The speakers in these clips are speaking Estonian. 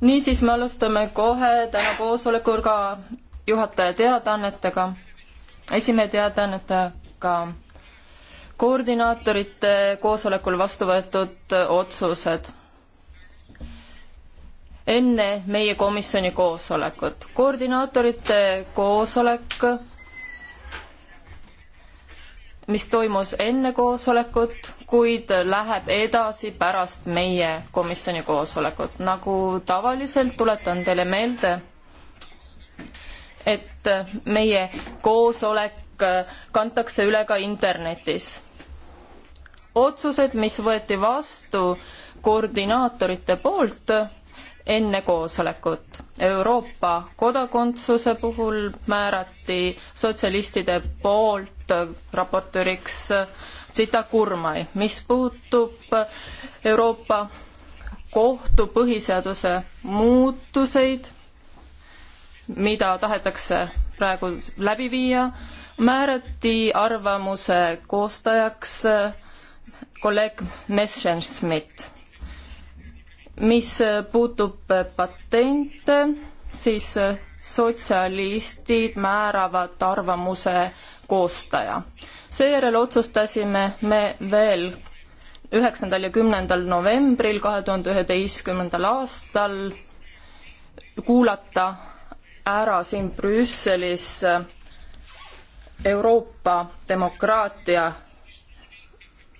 niisiis, me alustame kohe täna koosolekuga juhataja teadaannetega, esimehe teadaannetega, koordinaatorite koosolekul vastu võetud otsused enne meie komisjoni koosolekut. koordinaatorite koosolek mis toimus enne koosolekut, kuid läheb edasi pärast meie komisjoni koosolekut. nagu tavaliselt tuletan teile meelde, et meie koosolek kantakse üle ka internetis. otsused, mis võeti vastu koordinaatorite poolt enne koosolekut. Euroopa kodakondsuse puhul määrati sotsialistide poolt raportööriks Zita Kurmai. mis puutub Euroopa kohtu põhiseaduse muutuseid, mida tahetakse praegu läbi viia, määrati arvamuse koostajaks kolleeg Messerschmidt mis äh, puutub äh, patente, siis äh, sotsialistid määravad arvamuse koostaja. seejärel otsustasime me veel üheksandal ja kümnendal novembril kahe tuhande üheteistkümnendal aastal kuulata ära siin Brüsselis Euroopa Demokraatia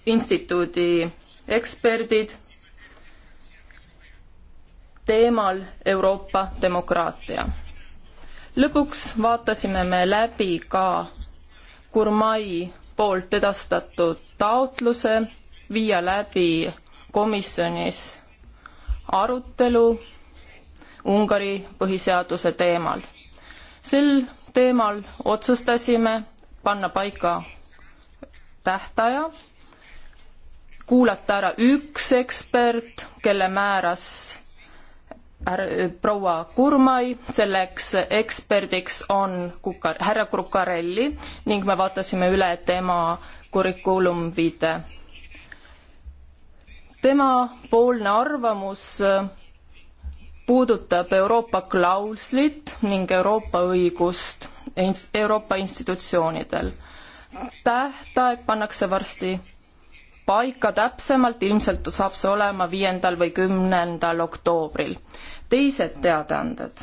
Instituudi eksperdid teemal Euroopa demokraatia. lõpuks vaatasime me läbi ka Gurmai poolt edastatud taotluse viia läbi komisjonis arutelu Ungari põhiseaduse teemal. sel teemal otsustasime panna paika tähtaja, kuulata ära üks ekspert, kelle määras Äh, proua Kurmai, selleks eksperdiks on Kukar-, härra Kukarelli ning me vaatasime üle tema curriculum vitae. tema poolne arvamus äh, puudutab Euroopa klauslit ning Euroopa õigust Euroopa institutsioonidel. tähtaeg pannakse varsti paika täpsemalt, ilmselt saab see olema viiendal või kümnendal oktoobril. teised teadaanded.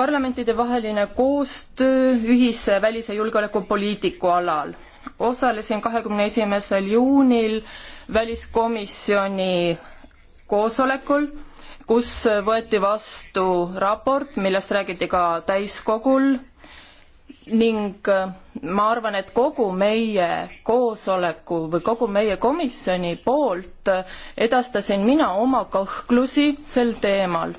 parlamentidevaheline koostöö ühise välis- ja julgeolekupoliitiku alal osalesin kahekümne esimesel juunil väliskomisjoni koosolekul kus võeti vastu raport, millest räägiti ka täiskogul ning äh, ma arvan, et kogu meie koosoleku või kogu meie komisjoni poolt äh, edastasin mina oma kõhklusi sel teemal.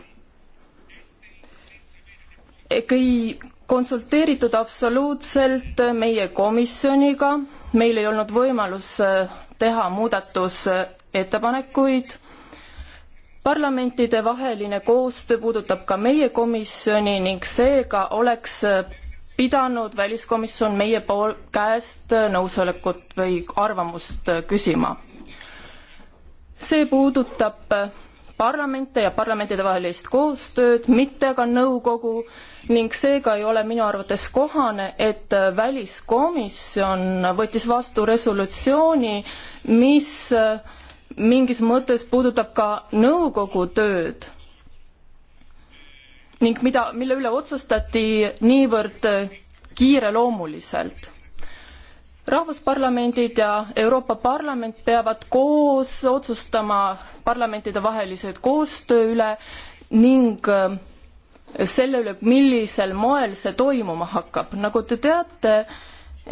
ei konsulteeritud absoluutselt äh, meie komisjoniga, meil ei olnud võimalus teha muudatusettepanekuid parlamentidevaheline koostöö puudutab ka meie komisjoni ning seega oleks pidanud väliskomisjon meie pool käest nõusolekut või arvamust küsima. see puudutab parlamente ja parlamentidevahelist koostööd, mitte aga nõukogu ning seega ei ole minu arvates kohane, et väliskomisjon võttis vastu resolutsiooni, mis mingis mõttes puudutab ka nõukogu tööd ning mida, mille üle otsustati niivõrd kiireloomuliselt. rahvusparlamendid ja Euroopa Parlament peavad koos otsustama parlamentidevahelise koostöö üle ning äh, selle üle, millisel moel see toimuma hakkab. nagu te teate,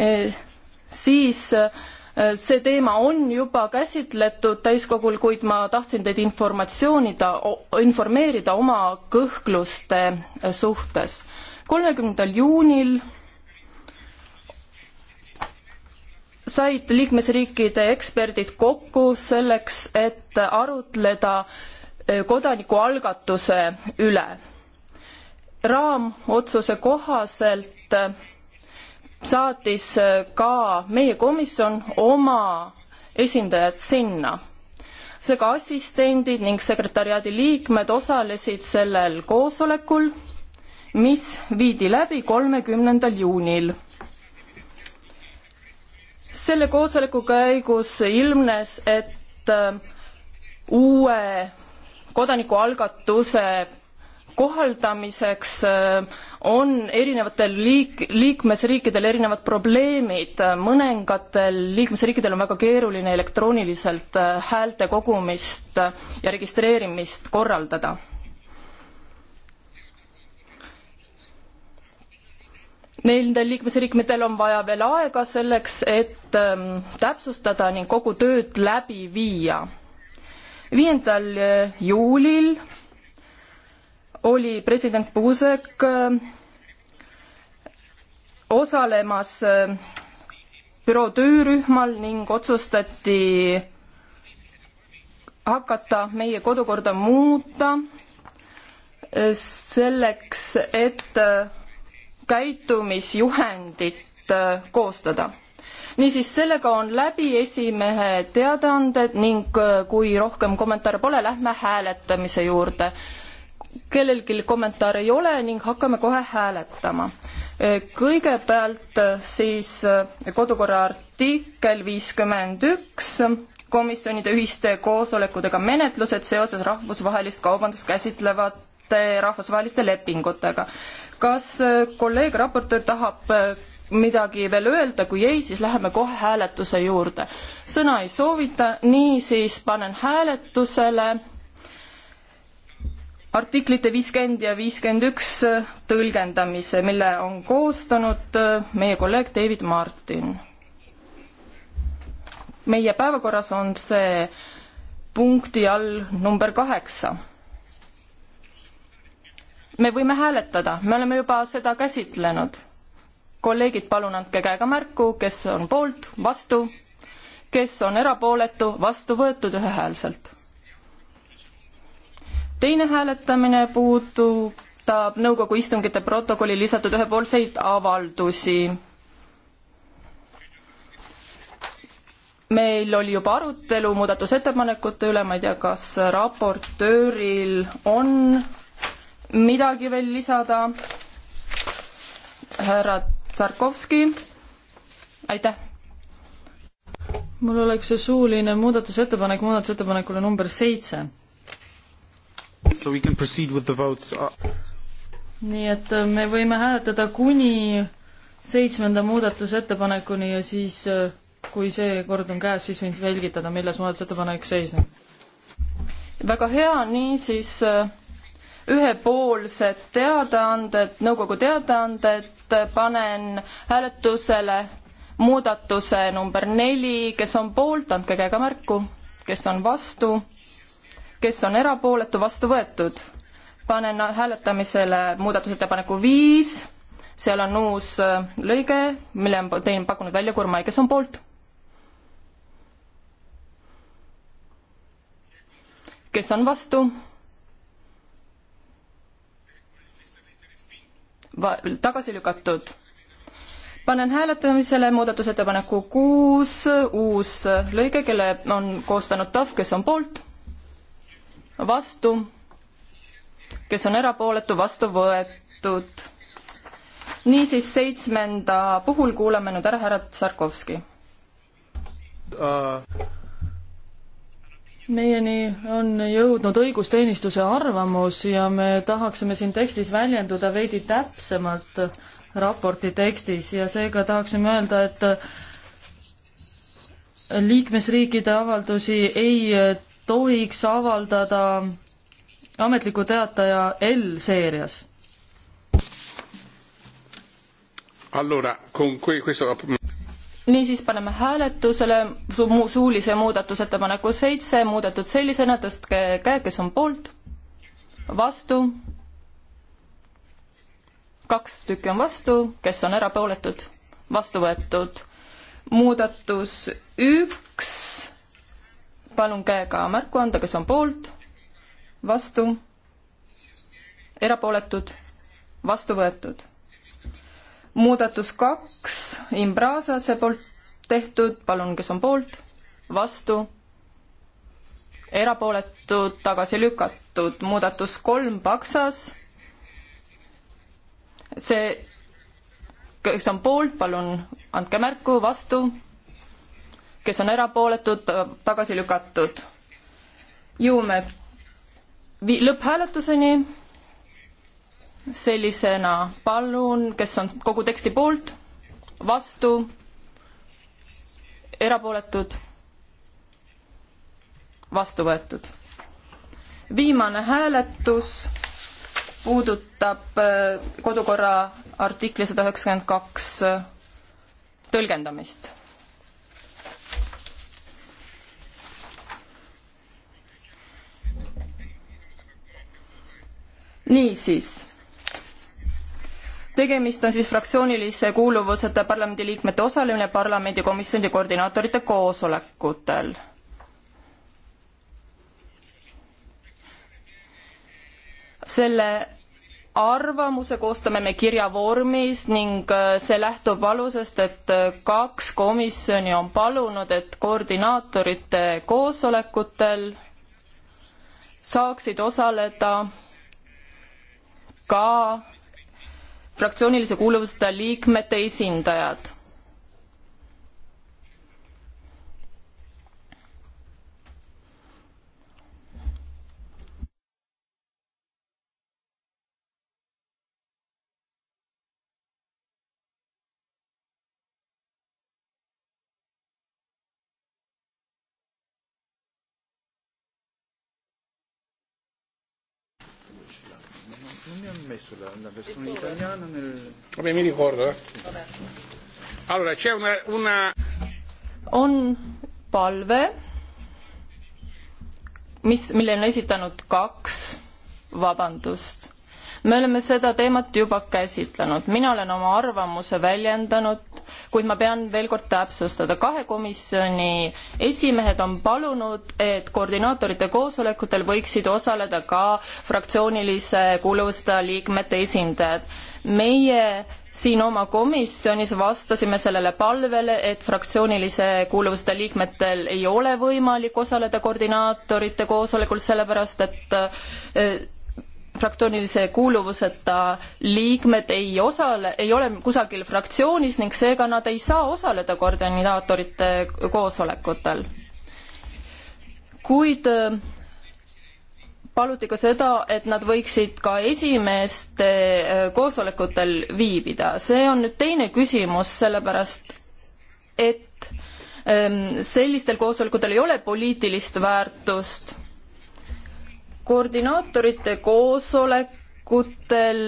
äh, siis äh, see teema on juba käsitletud täiskogul, kuid ma tahtsin teid informatsioonida, informeerida oma kõhkluste suhtes. kolmekümnendal juunil said liikmesriikide eksperdid kokku selleks, et arutleda e, kodanikualgatuse üle. raamotsuse kohaselt saatis äh, ka meie komisjon oma esindajad sinna. seega assistendid ning sekretäriaadi liikmed osalesid sellel koosolekul, mis viidi läbi kolmekümnendal juunil selle koosoleku käigus ilmnes, et äh, uue kodanikualgatuse kohaldamiseks äh, on erinevatel liik-, liikmesriikidel erinevad probleemid, mõningatel liikmesriikidel on väga keeruline elektrooniliselt äh, häälte kogumist ja registreerimist korraldada Nendel liikmesriikidel on vaja veel aega selleks, et ähm, täpsustada ning kogu tööd läbi viia. viiendal äh, juulil oli president Buzek äh, osalemas äh, büroo töörühmal ning otsustati hakata meie kodukorda muuta äh, selleks, et käitumisjuhendit koostada. niisiis, sellega on läbi esimehe teadaanded ning kui rohkem kommentaare pole, lähme hääletamise juurde kellelgi kommentaare ei ole ning hakkame kohe hääletama. kõigepealt siis kodukorra artikkel viiskümmend üks, komisjonide ühiste koosolekutega menetlused seoses rahvusvahelist kaubandust käsitlevate rahvusvaheliste lepingutega. kas kolleeg raportöör tahab midagi veel öelda, kui ei, siis läheme kohe hääletuse juurde. sõna ei soovita, niisiis panen hääletusele artiklite viiskümmend ja viiskümmend üks tõlgendamise, mille on koostanud äh, meie kolleeg David Martin. meie päevakorras on see punkti all number kaheksa. me võime hääletada, me oleme juba seda käsitlenud. kolleegid, palun andke käega märku, kes on poolt, vastu, kes on erapooletu, vastu võetud ühehäälselt teine hääletamine puudutab nõukogu istungite protokolli lisatud ühepoolseid avaldusi. meil oli juba arutelu muudatusettepanekute üle, ma ei tea, kas raportööril on midagi veel lisada? härra Tsarkovski, aitäh. mul oleks see suuline muudatusettepanek muudatusettepanekule number seitse Uh, nii et äh, me võime hääletada kuni seitsmenda muudatusettepanekuni ja siis, äh, kui see kord on käes, siis võin selgitada, milles muudatusettepanek seisneb. väga hea, niisiis äh, ühepoolsed teadaanded, nõukogu teadaanded, panen hääletusele muudatuse number neli, kes on poolt, andke käega märku, kes on vastu kes on erapooletu, vastu võetud. panen hääletamisele muudatusettepaneku viis, seal on uus äh, lõige, mille on teine pakkunud välja Kurmai, kes on poolt? kes on vastu? Va-, tagasi lükatud. panen hääletamisele muudatusettepaneku kuus, uus äh, lõige, kelle on koostanud TAV, kes on poolt vastu, kes on erapooletu, vastu võetud. niisiis seitsmenda puhul kuulame nüüd ära härra Tsarkovski uh.. meieni on jõudnud õigusteenistuse arvamus ja me tahaksime siin tekstis väljenduda veidi täpsemalt raporti tekstis ja seega tahaksime öelda, et liikmesriikide avaldusi ei tohiks avaldada ametliku teataja L-seerias. niisiis paneme hääletusele su-, suulise muudatusettepaneku seitse, muudetud sellisena, tõstke käed, kes on poolt, vastu, kaks tükki on vastu, kes on erapooletud, vastu võetud. muudatus üks palun käega märku anda, kes on poolt, vastu, erapooletud, vastu võetud. muudatus kaks, Imbrasase poolt tehtud, palun, kes on poolt, vastu, erapooletud, tagasi lükatud. muudatus kolm, Paksas, see, kes on poolt, palun andke märku, vastu kes on erapooletud, tagasi lükatud. jõuame vi-, lõpphääletuseni sellisena, palun, kes on kogu teksti poolt, vastu, erapooletud, vastu võetud. viimane hääletus puudutab äh, kodukorra artikli sada üheksakümmend kaks äh, tõlgendamist niisiis, tegemist on siis fraktsioonilise kuuluvuseta parlamendiliikmete osalemine parlamendikomisjoni koordinaatorite koosolekutel selle arvamuse koostame me kirjavormis ning äh, see lähtub alusest, et äh, kaks komisjoni on palunud, et koordinaatorite koosolekutel saaksid osaleda ka fraktsioonilise kuuluvuseta liikmete esindajad ma non, non mi hanno messo la, la versione italiana nel... Vabbè, mi ricordo, eh. Vabbè. Allora, c'è una, una... On palve, mis, mille on esitanud kaks vabandust me oleme seda teemat juba käsitlenud, mina olen oma arvamuse väljendanud, kuid ma pean veel kord täpsustada, kahe komisjoni esimehed on palunud, et koordinaatorite koosolekutel võiksid osaleda ka fraktsioonilise kuuluvuseta liikmete esindajad. meie siin oma komisjonis vastasime sellele palvele, et fraktsioonilise kuuluvuseta liikmetel ei ole võimalik osaleda koordinaatorite koosolekul, sellepärast et äh, fraktsioonilise kuuluvuseta liikmed ei osale, ei ole kusagil fraktsioonis ning seega nad ei saa osaleda koordinaatorite koosolekutel. kuid äh, paluti ka seda, et nad võiksid ka esimeeste äh, koosolekutel viibida. see on nüüd teine küsimus, sellepärast et ähm, sellistel koosolekutel ei ole poliitilist väärtust koordinaatorite koosolekutel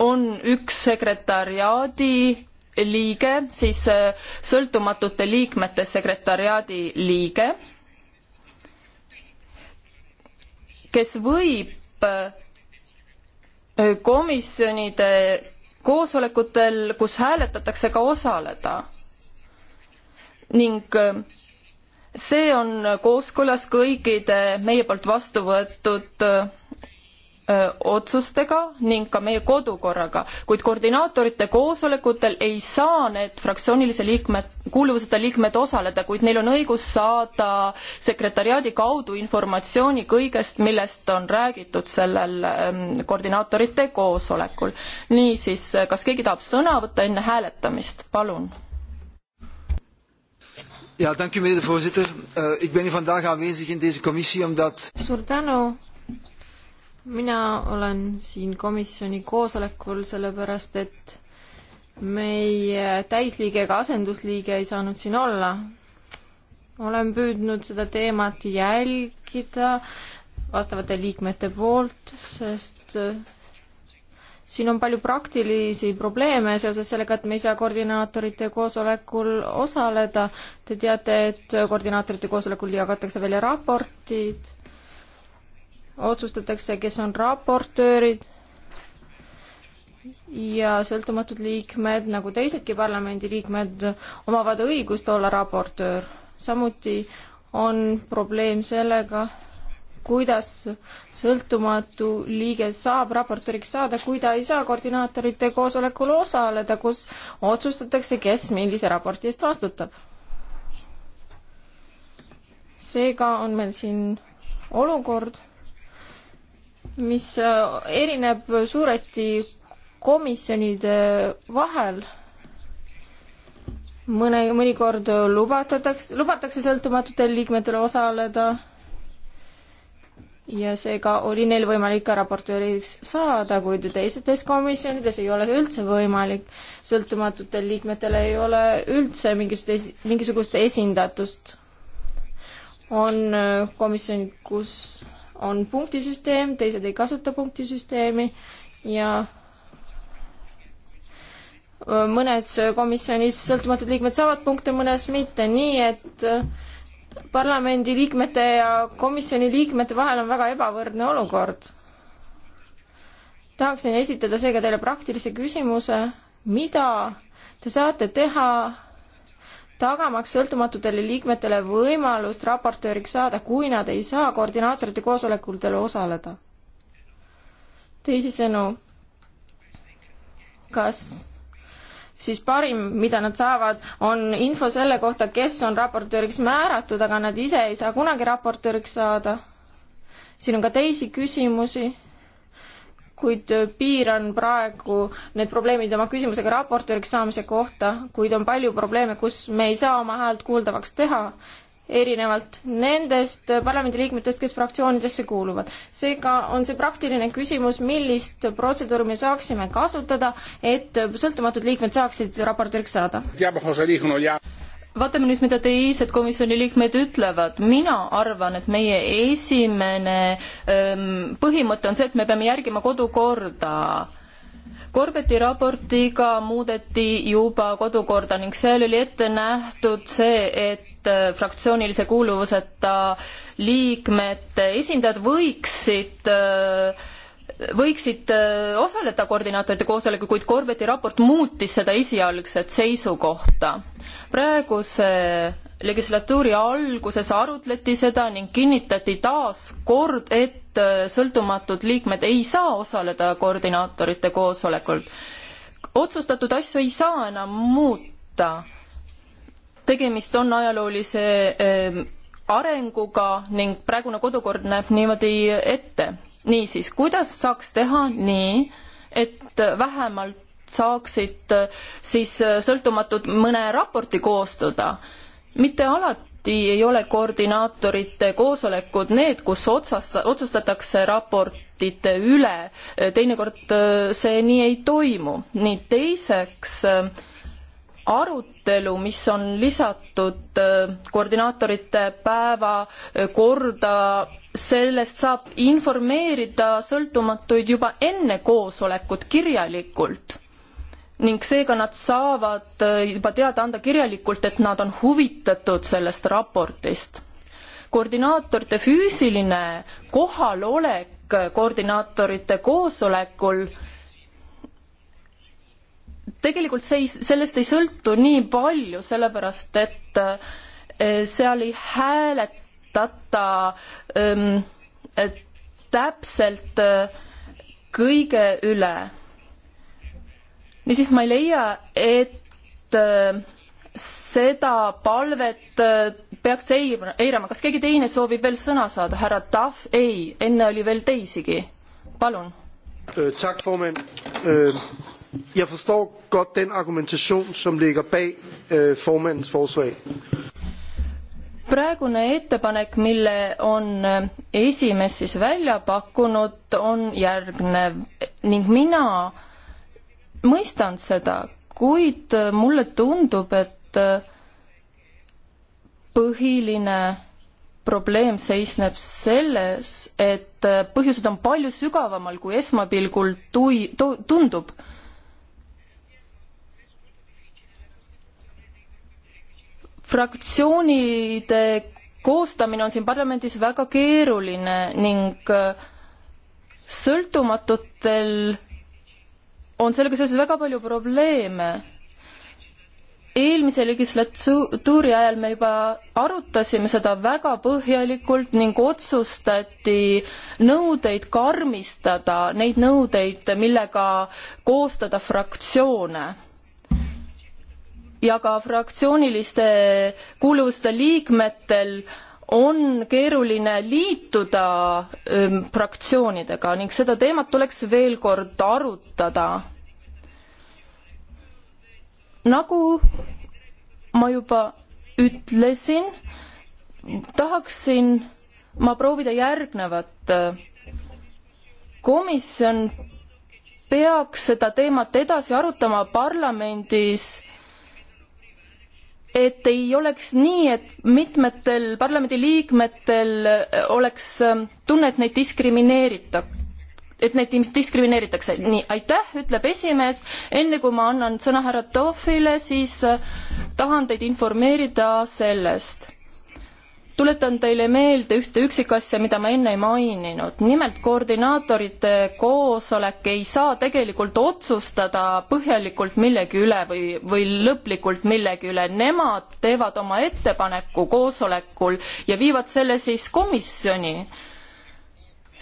on üks sekretariaadi liige, siis äh, sõltumatute liikmete sekretariaadi liige, kes võib äh, komisjonide koosolekutel, kus hääletatakse, ka osaleda. ning äh, see on kooskõlas kõikide meie poolt vastu võetud otsustega ning ka meie kodukorraga, kuid koordinaatorite koosolekutel ei saa need fraktsioonilise liikmed, kuuluvuseta liikmed osaleda, kuid neil on õigus saada sekretäriaadi kaudu informatsiooni kõigest, millest on räägitud sellel koordinaatorite koosolekul. niisiis, kas keegi tahab sõna võtta enne hääletamist, palun? ja dank u meneer de voorzitter. Uh, ik ben hier vandaag aanwezig in deze commissie omdat. suur tänu. mina olen siin komisjoni koosolekul sellepärast, et meie täisliige ega asendusliige ei saanud siin olla. olen püüdnud seda teemat jälgida vastavate liikmete poolt, sest siin on palju praktilisi probleeme seoses sellega, et me ei saa koordinaatorite koosolekul osaleda. Te teate, et koordinaatorite koosolekul jagatakse välja raportid, otsustatakse, kes on raportöörid ja sõltumatud liikmed, nagu teisedki parlamendiliikmed, omavad õigust olla raportöör. samuti on probleem sellega, kuidas sõltumatu liige saab raportööriks saada, kui ta ei saa koordinaatorite koosolekul osaleda, kus otsustatakse, kes millise raporti eest vastutab. seega on meil siin olukord, mis äh, erineb suureti komisjonide vahel mõne, mõnikord lubatatakse, lubatakse sõltumatutel liikmetel osaleda ja seega oli neil võimalik ka raportööriks saada, kuid teistes komisjonides ei ole see üldse võimalik. sõltumatutel liikmetel ei ole üldse mingisugust, mingisugust esindatust. on äh, komisjon, kus on punktisüsteem, teised ei kasuta punktisüsteemi ja äh, mõnes äh, komisjonis sõltumatud liikmed saavad punkte, mõnes mitte, nii et parlamendi liikmete ja komisjoni liikmete vahel on väga ebavõrdne olukord. tahaksin esitada seega teile praktilise küsimuse, mida te saate teha tagamaks sõltumatutele liikmetele võimalust raportööriks saada, kui nad ei saa koordinaatorite koosolekutel osaleda. teisisõnu, kas siis parim, mida nad saavad, on info selle kohta, kes on raportööriks määratud, aga nad ise ei saa kunagi raportööriks saada. siin on ka teisi küsimusi, kuid äh, piiran praegu need probleemid oma küsimusega raportööriks saamise kohta, kuid on palju probleeme, kus me ei saa oma häält kuuldavaks teha erinevalt nendest parlamendiliikmetest, kes fraktsioonidesse kuuluvad. seega on see praktiline küsimus, millist protseduuri me saaksime kasutada, et sõltumatud liikmed saaksid raportööriks saada. vaatame nüüd, mida teised komisjoni liikmed ütlevad. mina arvan, et meie esimene öö, ähm, põhimõte on see, et me peame järgima kodukorda Korbeti raportiga muudeti juba kodukorda ning seal oli ette nähtud see, et Äh, fraktsioonilise kuuluvuseta liikmete äh, esindajad võiksid äh, võiksid osaleda koordinaatorite koosolekul, kuid Corbeti raport muutis seda esialgset seisukohta. praeguse legislatuuri alguses arutleti seda ning kinnitati taas kord, et sõltumatud liikmed ei saa osaleda koordinaatorite koosolekul. otsustatud asju ei saa enam muuta tegemist on ajaloolise ehm, arenguga ning praegune kodukord näeb niimoodi ette. niisiis, kuidas saaks teha nii, et vähemalt saaksid siis eh, sõltumatud mõne raporti koostada, mitte alati samuti ei ole koordinaatorite koosolekud need, kus otsas, otsustatakse raportite üle, teinekord eh, see nii ei toimu. nii teiseks äh, arutelu, mis on lisatud äh, koordinaatorite päeva äh, korda, sellest saab informeerida sõltumatuid juba enne koosolekut kirjalikult. ning seega nad saavad äh, juba teada anda kirjalikult, et nad on huvitatud sellest raportist. koordinaatorite füüsiline kohalolek koordinaatorite koosolekul tegelikult see ei, sellest ei sõltu nii palju, sellepärast et eh, seal ei hääletata ähm, täpselt eh, kõige üle. niisiis ma ei leia, et äh, seda palvet äh, peaks eirama. kas keegi teine soovib veel sõna saada? härra Tahv, ei, enne oli veel teisigi. palun. Äh, Tack, formand. Äh, Jeg forstår godt den argumentation, som ligger bag øh, formandens forslag. praegune ettepanek, mille on äh, esimees siis välja pakkunud, on järgnev ning mina mõistan seda, kuid äh, mulle tundub, et äh, põhiline probleem seisneb selles, et põhjused on palju sügavamal, kui esmapilgul tui-, tu-, tundub fraktsioonide koostamine on siin parlamendis väga keeruline ning äh, sõltumatutel on sellega seoses väga palju probleeme eelmise legislatuuri ajal me juba arutasime seda väga põhjalikult ning otsustati nõudeid karmistada, neid nõudeid, millega koostada fraktsioone ja ka fraktsiooniliste kuuluvuste liikmetel on keeruline liituda ähm, fraktsioonidega ning seda teemat tuleks veel kord arutada. nagu ma juba ütlesin, tahaksin ma proovida järgnevat. komisjon peaks seda teemat edasi arutama parlamendis et ei oleks nii, et mitmetel parlamendiliikmetel äh, oleks ähm, tunne, et neid diskrimineerita-, et neid diskrimineeritakse. nii, aitäh, ütleb esimees. enne kui ma annan sõna härra Tohvile, siis äh, tahan teid informeerida sellest tuletan teile meelde ühte üksikasja, mida ma enne ei maininud. nimelt koordinaatorite koosolek ei saa tegelikult otsustada põhjalikult millegi üle või, või lõplikult millegi üle. Nemad teevad oma ettepaneku koosolekul ja viivad selle siis komisjoni.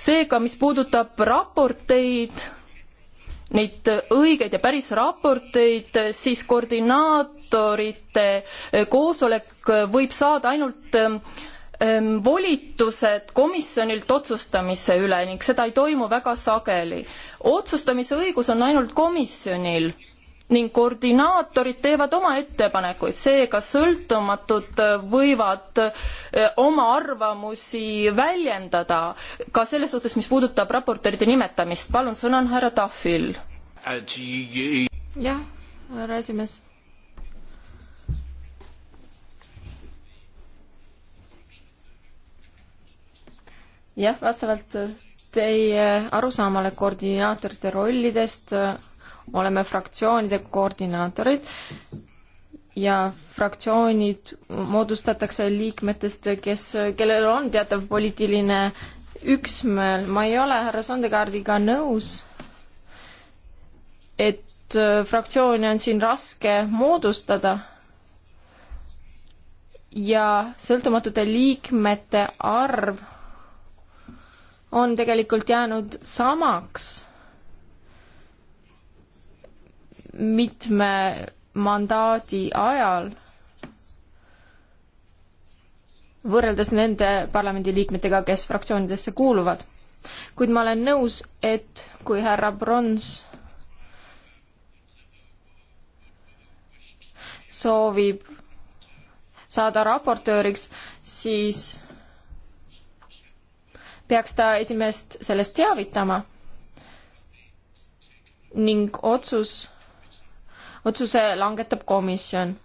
seega, mis puudutab raporteid, neid õigeid ja päris raporteid, siis koordinaatorite koosolek Äh, võib saada ainult ähm, ähm, volitused komisjonilt otsustamise üle ning seda ei toimu väga sageli. otsustamise õigus on ainult komisjonil ning koordinaatorid teevad oma ettepanekuid, seega sõltumatud äh, võivad äh, oma arvamusi väljendada ka selles suhtes, mis puudutab raportööride nimetamist. palun, sõna on härra Tahvil. E e. jah, härra esimees jah, vastavalt teie arusaamale koordinaatorite rollidest oleme fraktsioonide koordinaatorid ja fraktsioonid moodustatakse liikmetest, kes, kellel on teatav poliitiline üksmeel. ma ei ole härra Sondekaardiga nõus, et fraktsiooni on siin raske moodustada ja sõltumatute liikmete arv on tegelikult jäänud samaks mitme mandaadi ajal võrreldes nende parlamendiliikmetega, kes fraktsioonidesse kuuluvad. kuid ma olen nõus, et kui härra Brons soovib saada raportööriks, siis peaks ta esimeest sellest teavitama. ning otsus, otsuse langetab komisjon.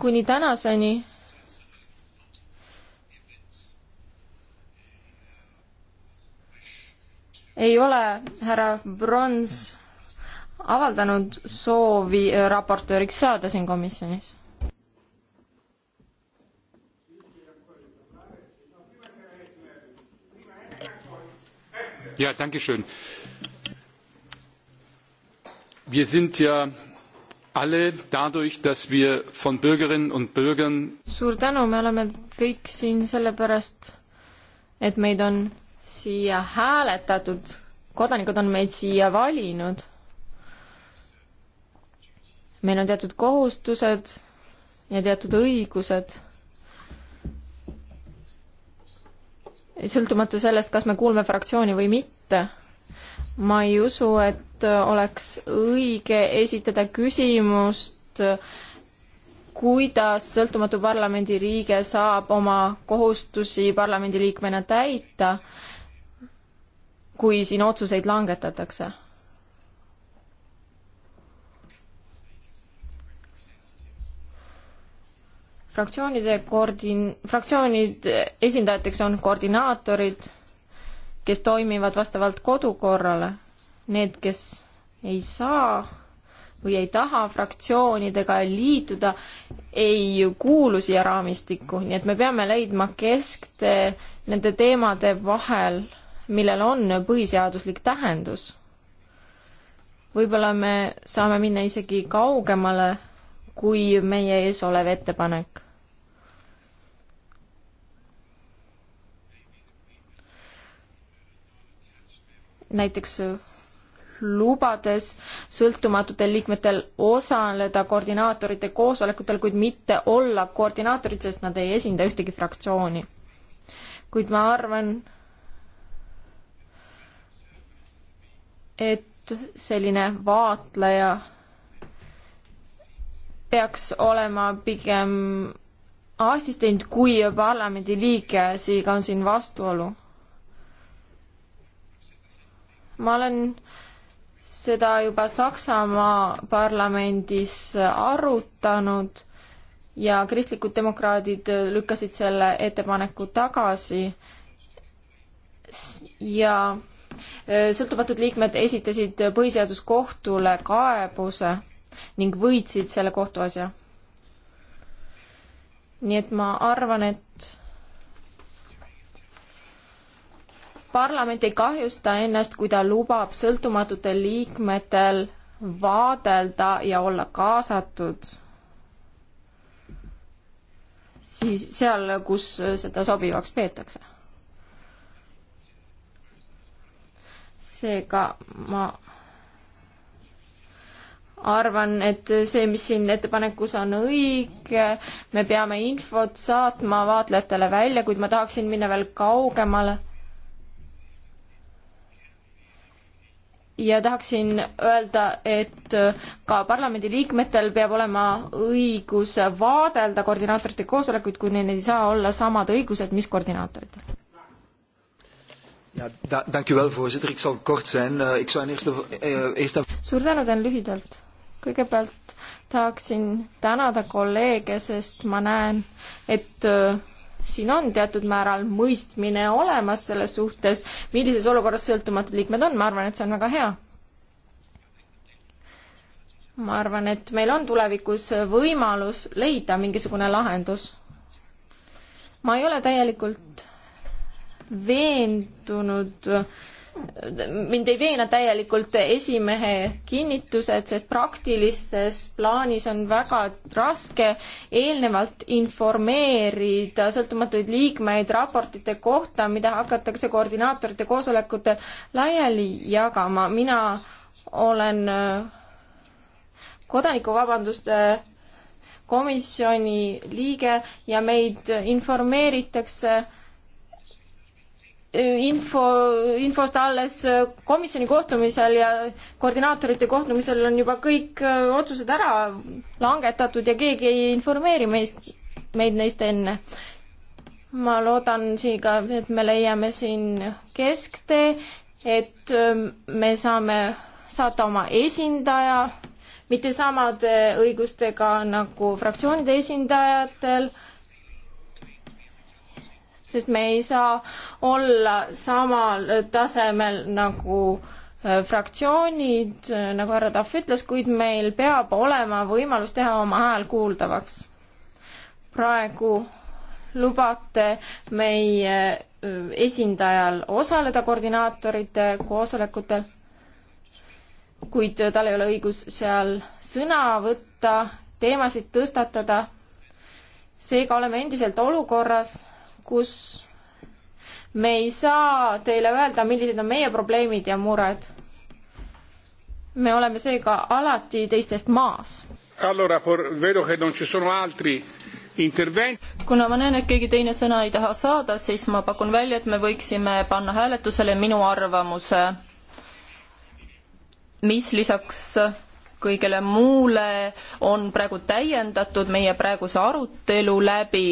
kuni tänaseni ei ole härra Brons avaldanud soovi raportööriks saada siin komisjonis Ja, danke schön. Wir sind ja alle dadurch, dass wir von Bürgerinnen und Bürgern suur tänu, me oleme kõik siin sellepärast, et meid on siia hääletatud, kodanikud on meid siia valinud. meil on teatud kohustused ja teatud õigused sõltumata sellest, kas me kuulme fraktsiooni või mitte. ma ei usu, et oleks õige esitada küsimust, kuidas sõltumatu parlamendiriige saab oma kohustusi parlamendiliikmena täita, kui siin otsuseid langetatakse fraktsioonide koordin-, fraktsioonide esindajateks on koordinaatorid, kes toimivad vastavalt kodukorrale. Need, kes ei saa või ei taha fraktsioonidega liituda, ei kuulu siia raamistikku, nii et me peame leidma kesktee nende teemade vahel, millel on põhiseaduslik tähendus. võib-olla me saame minna isegi kaugemale kui meie ees olev ettepanek. näiteks lubades sõltumatutel liikmetel osaleda koordinaatorite koosolekutel, kuid mitte olla koordinaatorid, sest nad ei esinda ühtegi fraktsiooni. kuid ma arvan, et selline vaatleja peaks olema pigem assistent kui parlamendi liige, seega on siin vastuolu. ma olen seda juba Saksamaa parlamendis arutanud ja kristlikud demokraadid lükkasid selle ettepaneku tagasi ja äh, sõltumatud liikmed esitasid põhiseaduskohtule kaebuse ning võitsid selle kohtuasja. nii et ma arvan, et parlament ei kahjusta ennast, kui ta lubab sõltumatutel liikmetel vaadelda ja olla kaasatud siis seal, kus seda sobivaks peetakse. seega ma arvan, et see, mis siin ettepanekus on õige, me peame infot saatma vaatlejatele välja, kuid ma tahaksin minna veel kaugemale. ja tahaksin öelda, et ka parlamendiliikmetel peab olema õigus vaadelda koordinaatorite koosolekuid, kui neil ei saa olla samad õigused, mis koordinaatoritel. Ja, da, dank u wel, voorzitter. Ik zal kort zijn. Uh, ik zou eerst... Uh, eh, eerst... Suur tänu, teen lühidalt kõigepealt tahaksin tänada kolleege, sest ma näen, et äh, siin on teatud määral mõistmine olemas selles suhtes, millises olukorras sõltumatud liikmed on, ma arvan, et see on väga hea. ma arvan, et meil on tulevikus võimalus leida mingisugune lahendus. ma ei ole täielikult veendunud äh, mind ei veena täielikult esimehe kinnitused, sest praktilises plaanis on väga raske eelnevalt informeerida sõltumatuid liikmeid raportite kohta, mida hakatakse koordinaatorite koosolekutel laiali jagama. mina olen äh, kodanikuvabaduste komisjoni liige ja meid informeeritakse info, infost alles komisjoni kohtumisel ja koordinaatorite kohtumisel on juba kõik äh, otsused ära langetatud ja keegi ei informeeri meist, meid neist enne. ma loodan siia, et me leiame siin kesktee, et ähm, me saame saata oma esindaja, mitte samade õigustega nagu fraktsioonide esindajatel sest me ei saa olla samal tasemel nagu äh, fraktsioonid, äh, nagu härra Tahv ütles, kuid meil peab olema võimalus teha oma hääl kuuldavaks. praegu lubate meie äh, esindajal osaleda koordinaatorite koosolekutel, kuid tal ei ole õigus seal sõna võtta, teemasid tõstatada. seega oleme endiselt olukorras kus me ei saa teile öelda, millised on meie probleemid ja mured. me oleme seega alati teistest maas. kuna ma näen, et keegi teine sõna ei taha saada, siis ma pakun välja, et me võiksime panna hääletusele minu arvamuse, mis lisaks kõigele muule on praegu täiendatud meie praeguse arutelu läbi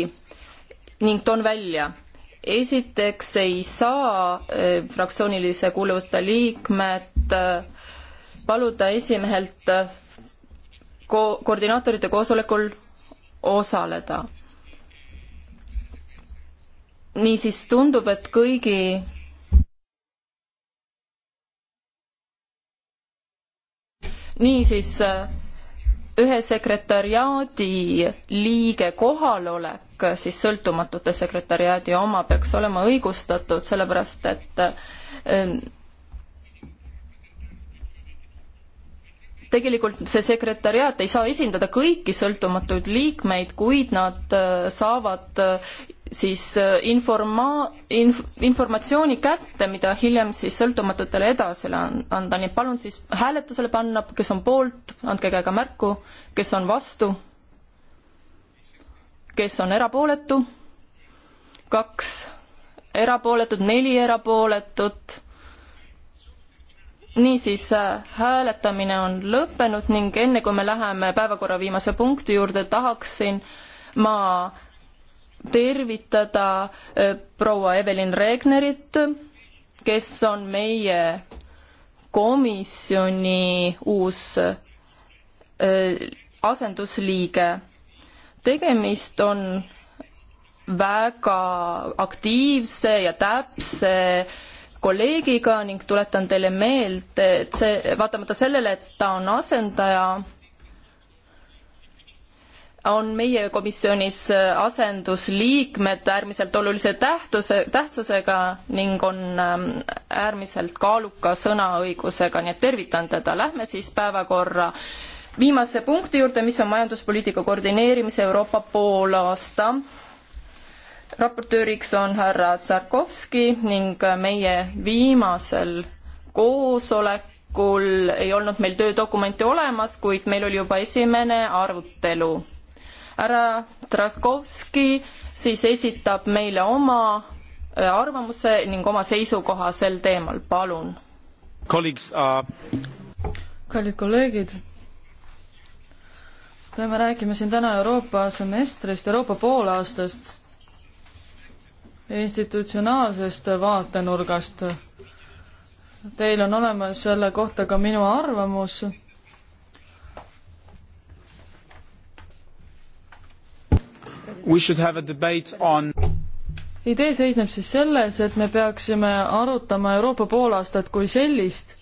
ning toon välja, esiteks ei saa eh, fraktsioonilise kuuluvuste liikmed eh, paluda esimehelt eh, ko-, koordinaatorite koosolekul osaleda. niisiis tundub, et kõigi niisiis ühe sekretariaadi liige kohalolek kõik siis sõltumatute sekretäriaadi oma peaks olema õigustatud, sellepärast et ähm, tegelikult see sekretäriaat ei saa esindada kõiki sõltumatuid liikmeid, kuid nad äh, saavad äh, siis äh, informa-, inf-, informatsiooni kätte, mida hiljem siis sõltumatutele edasi anda, nii et palun siis hääletusele panna, kes on poolt, andke käega märku, kes on vastu kes on erapooletu, kaks erapooletut, neli erapooletut. niisiis, äh, hääletamine on lõppenud ning enne kui me läheme päevakorra viimase punkti juurde, tahaksin ma tervitada äh, proua Evelyn Regnerit, kes on meie komisjoni uus äh, asendusliige tegemist on väga aktiivse ja täpse kolleegiga ning tuletan teile meelde, et see, vaatamata sellele, et ta on asendaja, on meie komisjonis asendusliikmed äärmiselt olulise tähtuse, tähtsusega ning on ähm, äärmiselt kaaluka sõnaõigusega, nii et tervitan teda. Lähme siis päevakorra viimase punkti juurde, mis on majanduspoliitika koordineerimise Euroopa poolaasta. raportööriks on härra Tsarkovski ning meie viimasel koosolekul ei olnud meil töödokumenti olemas, kuid meil oli juba esimene arutelu. härra Traskovski siis esitab meile oma äh, arvamuse ning oma seisukoha sel teemal, palun. Uh, kallid kolleegid kui me räägime siin täna Euroopa semestrist, Euroopa poolaastast, institutsionaalsest vaatenurgast, teil on olemas selle kohta ka minu arvamus On... idee seisneb siis selles, et me peaksime arutama Euroopa poolaastat kui sellist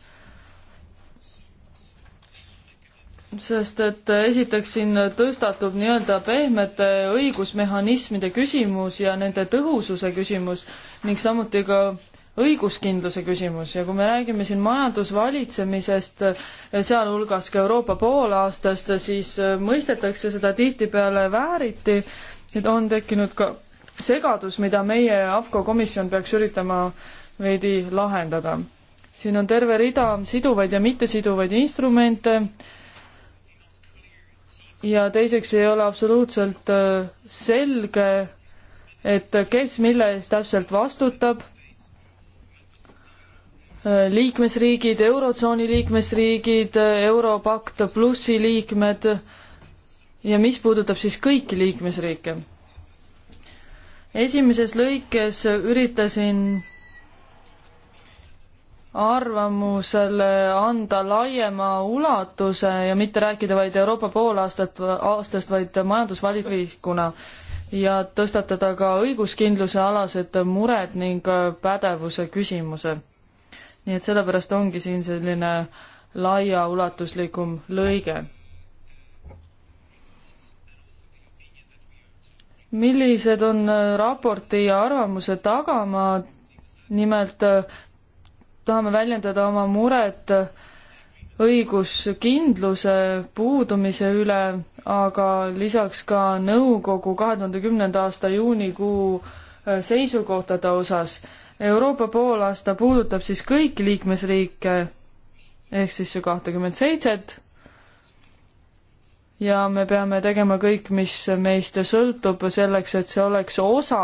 sest et esiteks siin tõstatub nii-öelda pehmete õigusmehhanismide küsimus ja nende tõhususe küsimus ning samuti ka õiguskindluse küsimus ja kui me räägime siin majandusvalitsemisest, sealhulgas ka Euroopa poolaastast, siis mõistetakse seda tihtipeale vääriti, et on tekkinud ka segadus, mida meie AFCO komisjon peaks üritama veidi lahendada. siin on terve rida siduvaid ja mittesiduvaid instrumente ja teiseks ei ole absoluutselt äh, selge, et kes mille eest täpselt vastutab. Äh, liikmesriigid, Eurotsooni liikmesriigid, äh, Europakt plussi liikmed ja mis puudutab siis kõiki liikmesriike. esimeses lõikes üritasin arvamusele anda laiema ulatuse ja mitte rääkida vaid Euroopa poolaastat, aastast, vaid majandusvalitvikuna ja tõstatada ka õiguskindluse alased mured ning pädevuse küsimuse. nii et sellepärast ongi siin selline laiaulatuslikum lõige. millised on raporti ja arvamuse tagamaad, nimelt tahame väljendada oma muret õiguskindluse puudumise üle, aga lisaks ka nõukogu kahe tuhande kümnenda aasta juunikuu äh, seisukohtade osas. Euroopa poolaasta puudutab siis kõiki liikmesriike ehk siis kahtekümmet seitset ja me peame tegema kõik, mis meist sõltub selleks, et see oleks osa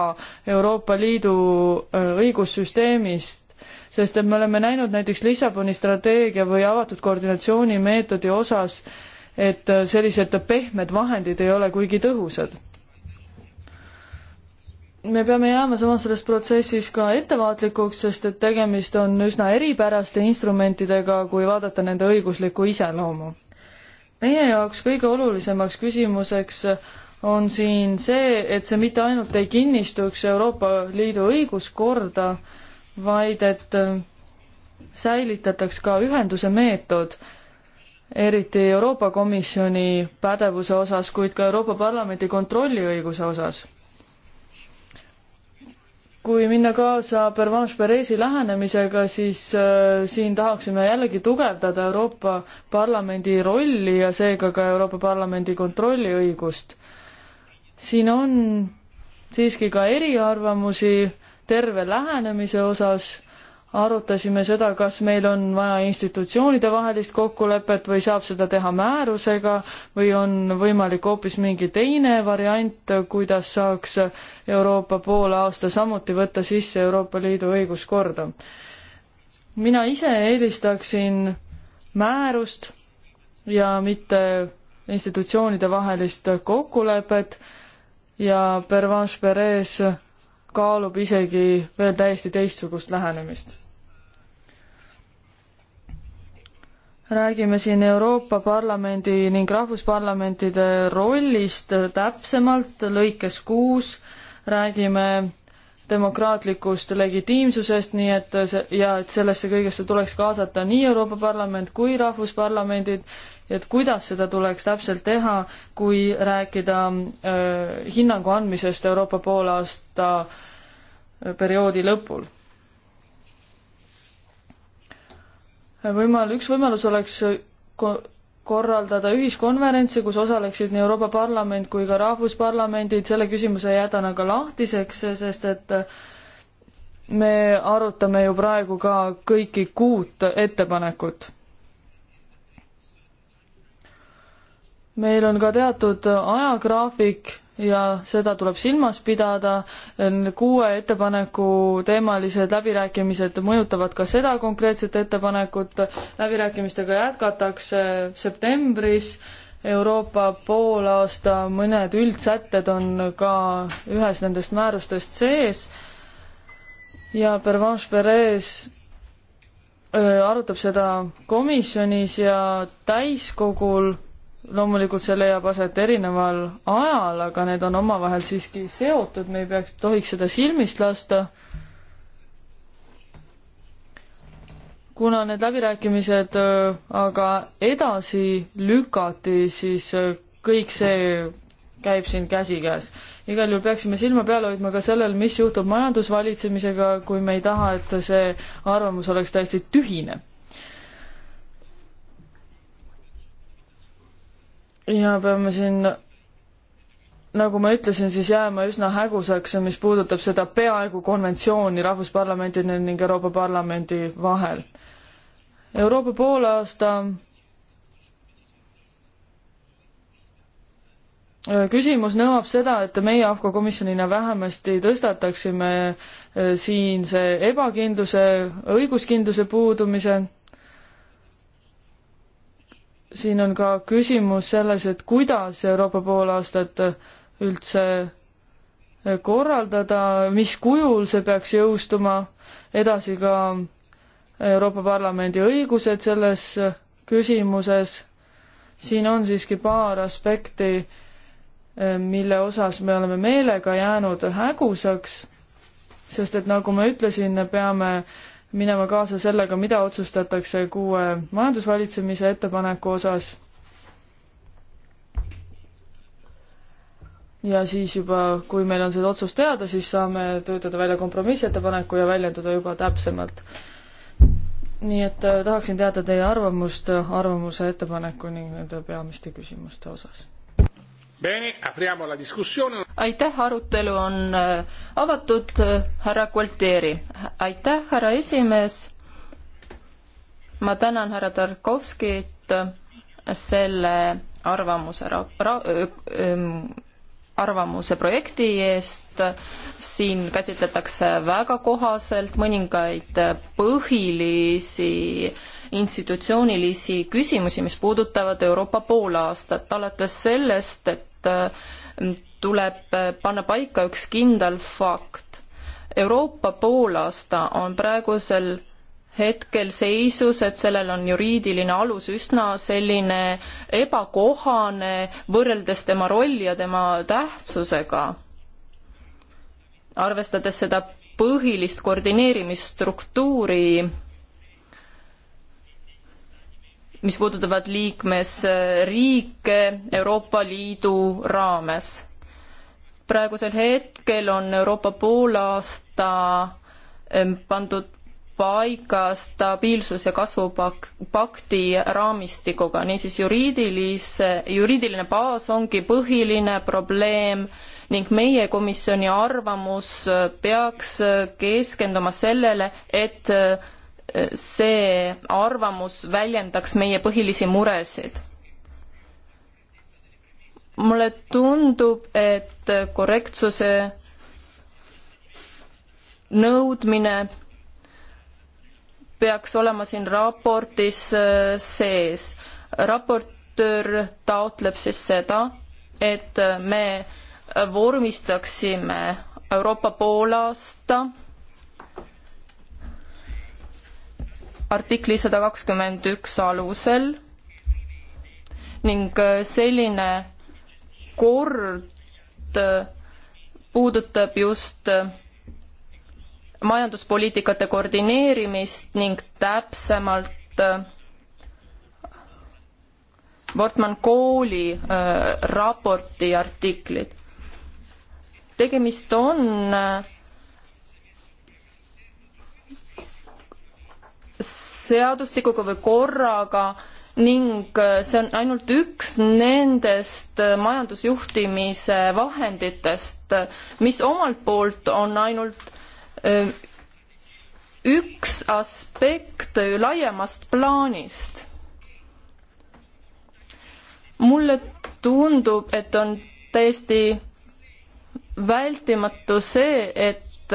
Euroopa Liidu äh, õigussüsteemist sest et me oleme näinud näiteks Lissaboni strateegia või avatud koordinatsioonimeetodi osas, et äh, sellised pehmed vahendid ei ole kuigi tõhusad. me peame jääma samas selles protsessis ka ettevaatlikuks, sest et tegemist on üsna eripäraste instrumentidega, kui vaadata nende õiguslikku iseloomu. meie jaoks kõige olulisemaks küsimuseks on siin see, et see mitte ainult ei kinnistuks Euroopa Liidu õiguskorda, vaid et äh, säilitataks ka ühenduse meetod, eriti Euroopa Komisjoni pädevuse osas, kuid ka Euroopa Parlamendi kontrolliõiguse osas. kui minna kaasa Pervanche Perezi lähenemisega, siis äh, siin tahaksime jällegi tugevdada Euroopa Parlamendi rolli ja seega ka Euroopa Parlamendi kontrolliõigust. siin on siiski ka eriarvamusi terve lähenemise osas arutasime seda, kas meil on vaja institutsioonide vahelist kokkulepet või saab seda teha määrusega või on võimalik hoopis mingi teine variant, kuidas saaks Euroopa poolaasta samuti võtta sisse Euroopa Liidu õiguskorda. mina ise eelistaksin määrust ja mitte institutsioonide vahelist kokkulepet ja Pervanche Perez kaalub isegi veel täiesti teistsugust lähenemist. räägime siin Euroopa Parlamendi ning rahvusparlamentide rollist täpsemalt lõikes kuus, räägime demokraatlikust legitiimsusest, nii et see ja et sellesse kõigesse tuleks kaasata nii Euroopa Parlament kui rahvusparlamendid, et kuidas seda tuleks täpselt teha, kui rääkida öö, hinnangu andmisest Euroopa poolaasta perioodi lõpul võimal-, üks võimalus oleks ko-, korraldada ühiskonverentsi, kus osaleksid nii Euroopa Parlament kui ka rahvusparlamendid, selle küsimuse jätan aga lahtiseks, sest et me arutame ju praegu ka kõiki kuut ettepanekut meil on ka teatud ajagraafik ja seda tuleb silmas pidada. kuue ettepaneku teemalised läbirääkimised mõjutavad ka seda konkreetset ettepanekut. läbirääkimistega jätkatakse septembris. Euroopa poolaasta mõned üldsätted on ka ühes nendest määrustest sees. ja Pervanche Perez äh, arutab seda komisjonis ja täiskogul loomulikult see leiab aset erineval ajal, aga need on omavahel siiski seotud, me ei peaks, tohiks seda silmist lasta. kuna need läbirääkimised äh, aga edasi lükati, siis äh, kõik see käib siin käsikäes. igal juhul peaksime silma peal hoidma ka sellel, mis juhtub majandusvalitsemisega, kui me ei taha, et see arvamus oleks täiesti tühine ja peame siin, nagu ma ütlesin, siis jääma üsna häguseks, mis puudutab seda peaaegu konventsiooni Rahvusparlamentide ning Euroopa Parlamendi vahel. Euroopa poolaasta küsimus nõuab seda, et meie AFCO komisjonina vähemasti tõstataksime eh, siin see ebakindluse, õiguskindluse puudumise siin on ka küsimus selles, et kuidas Euroopa poolaastat üldse korraldada, mis kujul see peaks jõustuma, edasi ka Euroopa Parlamendi õigused selles küsimuses. siin on siiski paar aspekti, mille osas me oleme meelega jäänud hägusaks, sest et nagu ma ütlesin, me peame minema kaasa sellega, mida otsustatakse kuue majandusvalitsemise ettepaneku osas. ja siis juba, kui meil on see otsus teada, siis saame töötada välja kompromissettepaneku ja väljenduda juba täpsemalt. nii et äh, tahaksin teada teie arvamust arvamuse ettepaneku ning nende peamiste küsimuste osas aitäh, arutelu on äh, avatud, äh, härra Gualtieri. aitäh, härra esimees. ma tänan härra Tarkovskit äh, selle arvamuse ra-, ra-, arvamuse projekti eest. siin käsitletakse väga kohaselt mõningaid põhilisi institutsioonilisi küsimusi, mis puudutavad Euroopa poolaastat, alates sellest, et et mm, tuleb äh, panna paika üks kindel fakt. Euroopa poolaasta on praegusel hetkel seisus, et sellel on juriidiline alus üsna selline ebakohane võrreldes tema rolli ja tema tähtsusega. arvestades seda põhilist koordineerimisstruktuuri mis puudutavad liikmesriike Euroopa Liidu raames. praegusel hetkel on Euroopa poolaasta pandud paika stabiilsus- ja kasvupakti raamistikuga, niisiis juriidilise, juriidiline baas ongi põhiline probleem ning meie komisjoni arvamus peaks keskenduma sellele, et see arvamus väljendaks meie põhilisi muresid. mulle tundub, et korrektsuse nõudmine peaks olema siin raportis äh, sees. raportöör taotleb siis seda, et me vormistaksime Euroopa poolaasta artikli sada kakskümmend üks alusel ning äh, selline kord äh, puudutab just äh, majanduspoliitikate koordineerimist ning täpsemalt Wortmann kooli raporti artiklid. tegemist on äh, seadustikuga või korraga ning äh, see on ainult üks nendest äh, majandusjuhtimise vahenditest, mis omalt poolt on ainult äh, üks aspekt laiemast plaanist. mulle tundub, et on täiesti vältimatu see, et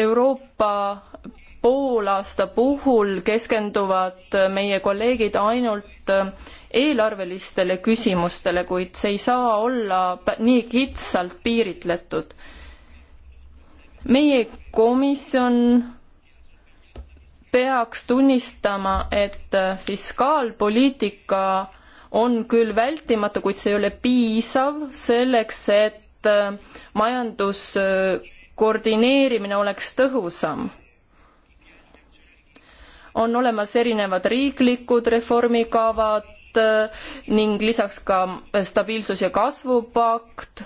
Euroopa poolaasta puhul keskenduvad meie kolleegid ainult eelarvelistele küsimustele, kuid see ei saa olla nii kitsalt piiritletud. meie komisjon peaks tunnistama, et fiskaalpoliitika on küll vältimatu, kuid see ei ole piisav selleks, et majandus koordineerimine oleks tõhusam on olemas erinevad riiklikud reformikavad äh, ning lisaks ka stabiilsus- ja kasvupakt,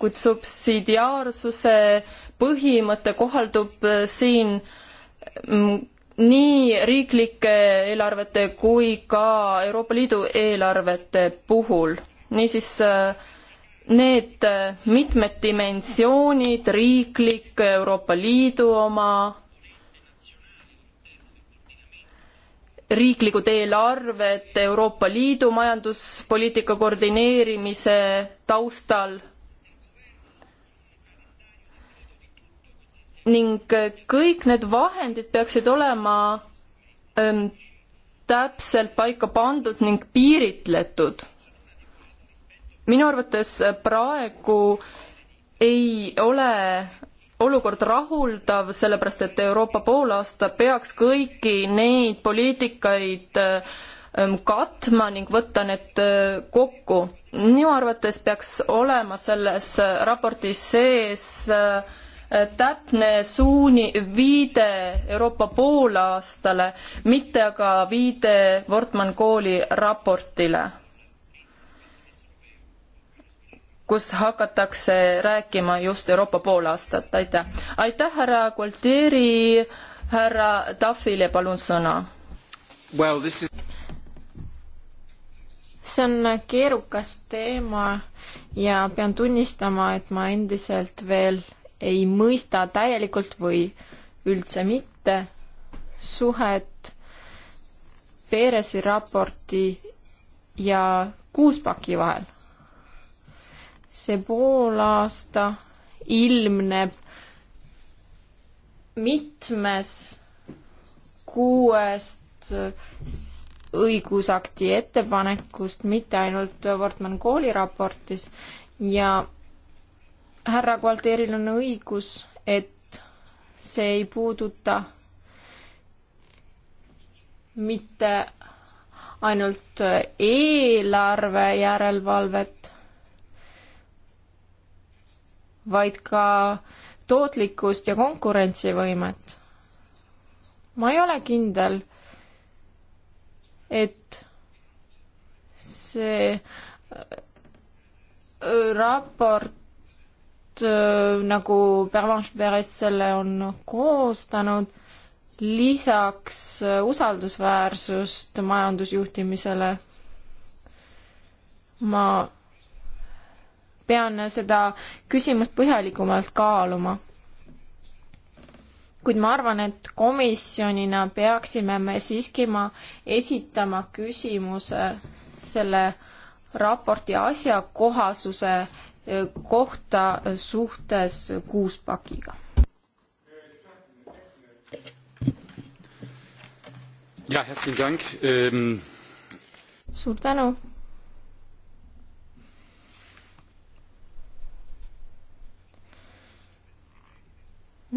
kuid subsidiaarsuse põhimõte kohaldub äh, siin mm, nii riiklike eelarvete kui ka Euroopa Liidu eelarvete puhul. niisiis äh, need mitmed dimensioonid, riiklik, Euroopa Liidu oma, riiklikud eelarved Euroopa Liidu majanduspoliitika koordineerimise taustal ning kõik need vahendid peaksid olema ähm, täpselt paika pandud ning piiritletud. minu arvates praegu ei ole olukord rahuldav, sellepärast et Euroopa poolaasta peaks kõiki neid poliitikaid ähm, katma ning võtta need äh, kokku. minu arvates peaks olema selles raportis sees äh, täpne suuni, viide Euroopa poolaastale, mitte aga viide Wortmann kooli raportile kus hakatakse rääkima just Euroopa poolaastat, aitäh. aitäh, härra Gualtieri, härra Tahvile palun sõna well,. Is... see on keerukas teema ja pean tunnistama, et ma endiselt veel ei mõista täielikult või üldse mitte suhet Peresi raporti ja Kuuspaki vahel see poolaasta ilmneb mitmes kuuest õigusakti ettepanekust, mitte ainult Wortmann kooli raportis ja härra Gualteril on õigus, et see ei puuduta mitte ainult eelarve järelevalvet vaid ka tootlikkust ja konkurentsivõimet. ma ei ole kindel, et see äh, raport äh, nagu Pervenche Perez selle on koostanud, lisaks äh, usaldusväärsust majandusjuhtimisele. ma pean seda küsimust põhjalikumalt kaaluma. kuid ma arvan, et komisjonina peaksime me siiski ma esitama küsimuse selle raporti asjakohasuse e, kohta suhtes kuuspakiga. ja, herzlichen Dank ähm.... suur tänu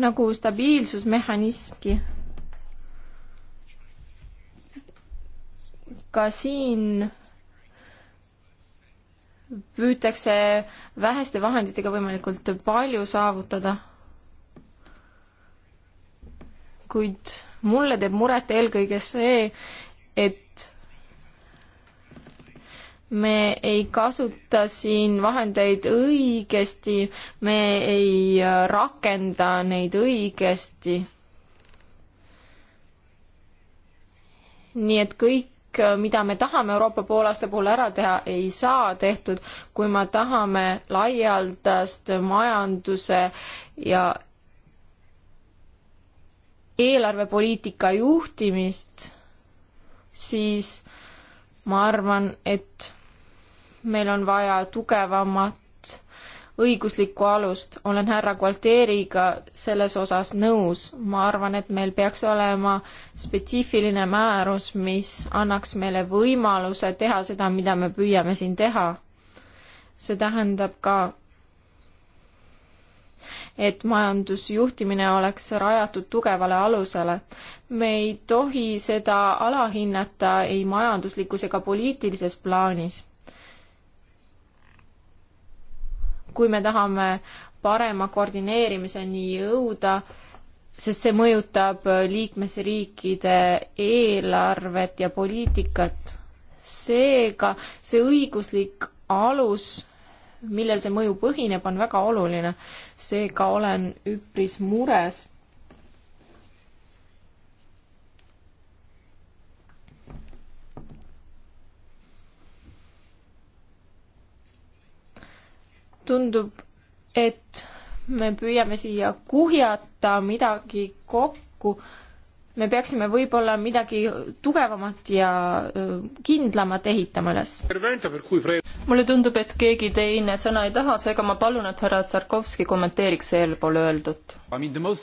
nagu stabiilsusmehhanismki. ka siin püütakse väheste vahenditega võimalikult palju saavutada. kuid mulle teeb muret eelkõige see, et me ei kasuta siin vahendeid õigesti, me ei äh, rakenda neid õigesti. nii et kõik kõik, äh, mida me tahame Euroopa poolaasta puhul ära teha, ei saa tehtud, kui me tahame laialdast majanduse ja eelarvepoliitika juhtimist, siis ma arvan, et meil on vaja tugevamat õiguslikku alust. olen härra Gualtieriga selles osas nõus. ma arvan, et meil peaks olema spetsiifiline määrus, mis annaks meile võimaluse teha seda, mida me püüame siin teha. see tähendab ka, et majandusjuhtimine oleks rajatud tugevale alusele. me ei tohi seda alahinnata ei majanduslikus ega poliitilises plaanis kui me tahame parema koordineerimiseni jõuda, sest see mõjutab liikmesriikide eelarvet ja poliitikat. seega see õiguslik alus, millel see mõju põhineb, on väga oluline. seega olen üpris mures tundub, et me püüame siia kuhjata midagi kokku. me peaksime võib-olla midagi tugevamat ja kindlamat ehitama üles. mulle tundub, et keegi teine sõna ei taha, seega ma palun, et härra Tsarkovski kommenteeriks eelpool öeldut I. Mean,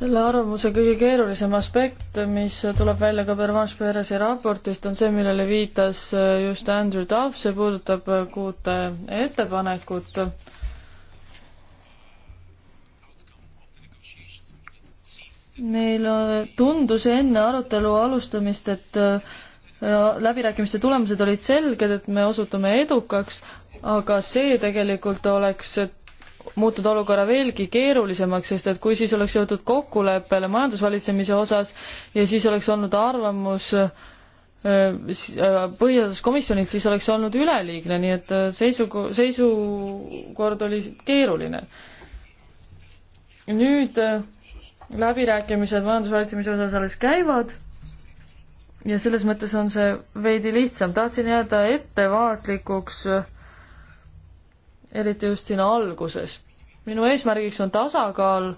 selle arvamuse kõige keerulisem aspekt, mis tuleb välja ka Pervanche Perezi raportist, on see, millele viitas just Andrew Duff, see puudutab kuute ettepanekut. meil tundus enne arutelu alustamist, et äh, läbirääkimiste tulemused olid selged, et me osutume edukaks, aga see tegelikult oleks muutnud olukorra veelgi keerulisemaks, sest et kui siis oleks jõutud kokkuleppele majandusvalitsemise osas ja siis oleks olnud arvamus äh, äh, põhiseaduskomisjonilt, siis oleks olnud üleliigne, nii et äh, seisu, seisukord oli keeruline. nüüd läbirääkimised majandusvalitsemise osas alles käivad ja selles mõttes on see veidi lihtsam, tahtsin jääda ettevaatlikuks äh, eriti just siin alguses. minu eesmärgiks on tasakaal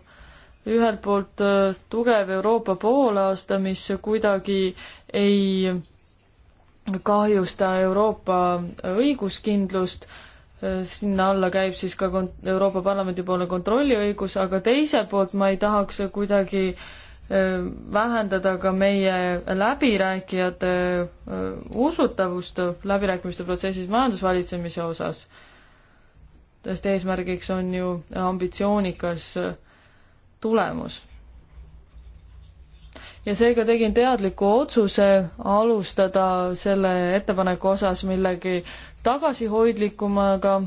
ühelt poolt äh, tugev Euroopa poolaasta, mis kuidagi ei kahjusta Euroopa õiguskindlust, äh, sinna alla käib siis ka kont-, Euroopa Parlamendi poolne kontrolliõigus, aga teiselt poolt ma ei tahaks kuidagi äh, vähendada ka meie läbirääkijate usutavust läbirääkimiste protsessis majandusvalitsemise osas sest eesmärgiks on ju ambitsioonikas tulemus. ja seega tegin teadliku otsuse alustada selle ettepaneku osas millegi tagasihoidlikumaga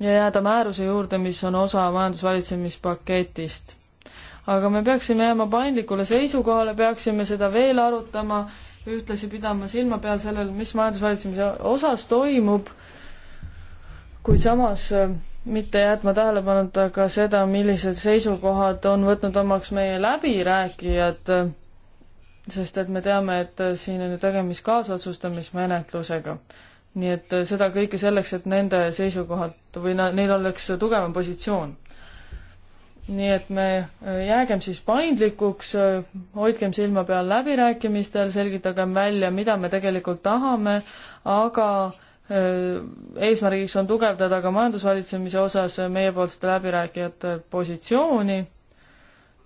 ja jääda määruse juurde, mis on osa majandusvalitsemispaketist. aga me peaksime jääma paindlikule seisukohale, peaksime seda veel arutama ühtlasi pidama silma peal sellel, mis majandusvalitsemise osas toimub, kuid samas äh, mitte jätma tähelepanuta ka seda, millised seisukohad on võtnud omaks meie läbirääkijad, äh, sest et me teame, et äh, siin on ju tegemist kaasotsustamismenetlusega. nii et seda kõike selleks, et nende seisukohad või na-, neil oleks tugevam positsioon nii et me äh, jäägem siis paindlikuks, äh, hoidkem silma peal läbirääkimistel, selgitagem välja, mida me tegelikult tahame, aga äh, eesmärgiks on tugevdada ka majandusvalitsemise osas meiepoolsete läbirääkijate positsiooni.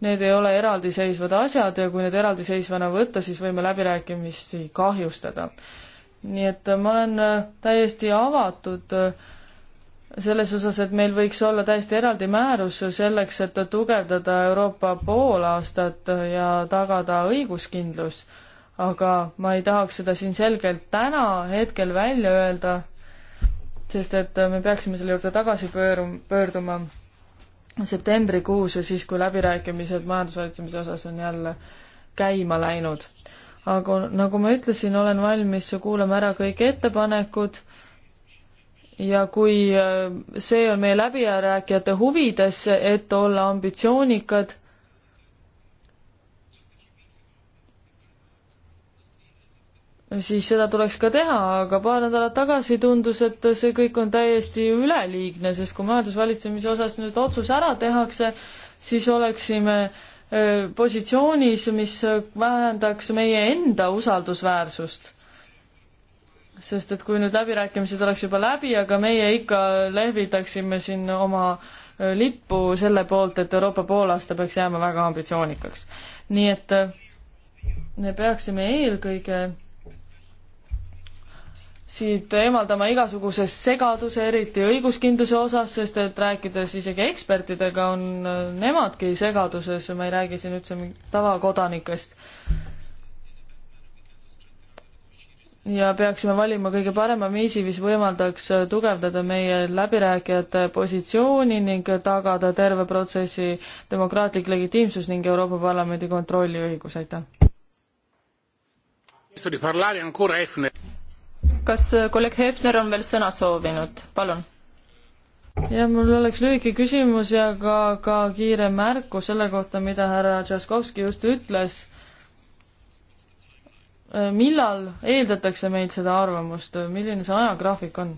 Need ei ole eraldiseisvad asjad ja kui need eraldiseisvana võtta, siis võime läbirääkimisi kahjustada. nii et ma olen täiesti avatud äh, selles osas, et meil võiks olla täiesti eraldi määrus selleks, et tugevdada Euroopa poolaastat ja tagada õiguskindlus. aga ma ei tahaks seda siin selgelt täna hetkel välja öelda, sest et me peaksime selle juurde tagasi pöörum-, pöörduma septembrikuus ja siis, kui läbirääkimised majandusvalitsemise osas on jälle käima läinud. aga nagu ma ütlesin, olen valmis kuulama ära kõik ettepanekud ja kui äh, see on meie läbirääkijate huvides, et olla ambitsioonikad, siis seda tuleks ka teha, aga paar nädalat tagasi tundus, et see kõik on täiesti üleliigne, sest kui majandusvalitsemise osas nüüd otsus ära tehakse, siis oleksime äh, positsioonis, mis vähendaks meie enda usaldusväärsust sest et kui nüüd läbirääkimised oleks juba läbi, aga meie ikka lehvitaksime siin oma äh, lippu selle poolt, et Euroopa poolaasta peaks jääma väga ambitsioonikaks. nii et äh, me peaksime eelkõige siit eemaldama igasuguse segaduse, eriti õiguskindluse osas, sest et rääkides isegi ekspertidega, on äh, nemadki segaduses, ma ei räägi siin üldse tavakodanikest ja peaksime valima kõige parema viisi, mis võimaldaks äh, tugevdada meie läbirääkijate positsiooni ning tagada terve protsessi demokraatlik legitiimsus ning Euroopa Parlamendi kontrolliõigus, aitäh. kas äh, kolleeg Hefner on veel sõna soovinud, palun? ja mul oleks lühike küsimus ja ka, ka kiire märkus selle kohta, mida härra Tšaskovski just ütles Äh, millal eeldatakse meilt seda arvamust, milline see ajagraafik on?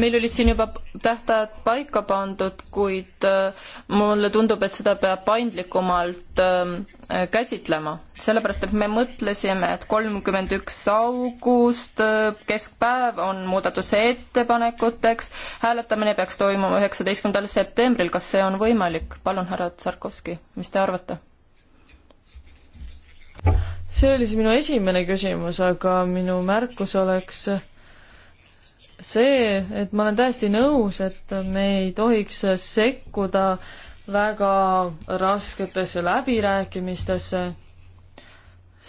meil olid siin juba tähtajad paika pandud, kuid äh, mulle tundub, et seda peab paindlikumalt äh, käsitlema, sellepärast et me mõtlesime, et kolmkümmend üks august, äh, keskpäev on muudatuse ettepanekuteks, hääletamine peaks toimuma üheksateistkümnendal septembril, kas see on võimalik? palun, härra Tsarkovski, mis te arvate? see oli siis minu esimene küsimus, aga minu märkus oleks see, et ma olen täiesti nõus, et me ei tohiks sekkuda väga rasketesse läbirääkimistesse,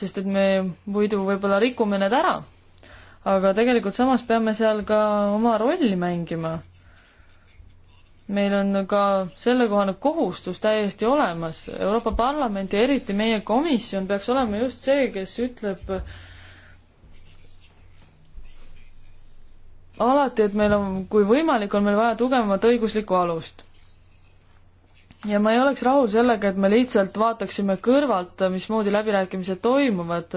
sest et me muidu võib-olla rikume need ära. aga tegelikult samas peame seal ka oma rolli mängima. meil on ka sellekohane kohustus täiesti olemas. Euroopa Parlament ja eriti meie komisjon peaks olema just see, kes ütleb äh, alati, et meil on, kui võimalik, on meil vaja tugevamat õiguslikku alust. ja ma ei oleks rahul sellega, et me lihtsalt vaataksime kõrvalt, mismoodi läbirääkimised toimuvad.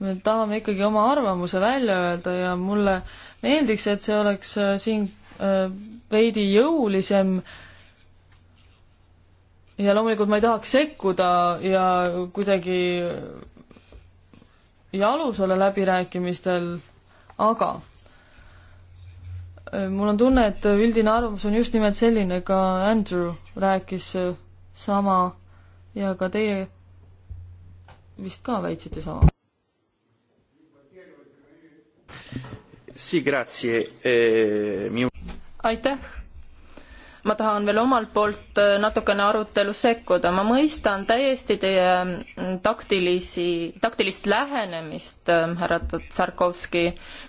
me tahame ikkagi oma arvamuse välja öelda ja mulle meeldiks, et see oleks äh, siin äh, veidi jõulisem. ja loomulikult ma ei tahaks sekkuda ja kuidagi jalusele läbirääkimistel, aga Äh, mul on tunne, et üldine arvamus on just nimelt selline, ka Andrew rääkis äh, sama ja ka teie vist ka väitsite sama. Eh, aitäh ma tahan veel omalt poolt äh, natukene arutelu sekkuda, ma mõistan täiesti teie mm, taktilisi, taktilist lähenemist, äh, härra Tsarkovski,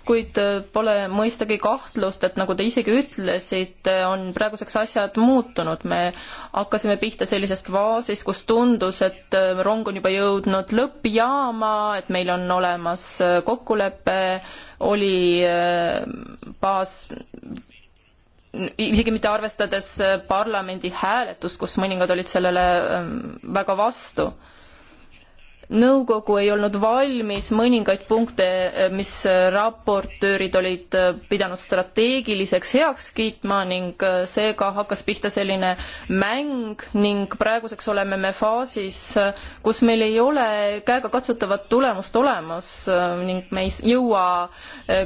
kuid äh, pole mõistagi kahtlust, et nagu te isegi ütlesite, on praeguseks asjad muutunud, me hakkasime pihta sellisest faasist, kus tundus, et rong on juba jõudnud lõppjaama, et meil on olemas kokkulepe, oli baas isegi mitte arvestades parlamendi hääletust, kus mõningad olid sellele ähm, väga vastu nõukogu ei olnud valmis mõningaid punkte, mis raportöörid olid pidanud strateegiliseks heaks kiitma ning seega hakkas pihta selline mäng ning praeguseks oleme me faasis, kus meil ei ole käegakatsutavat tulemust olemas ning me ei jõua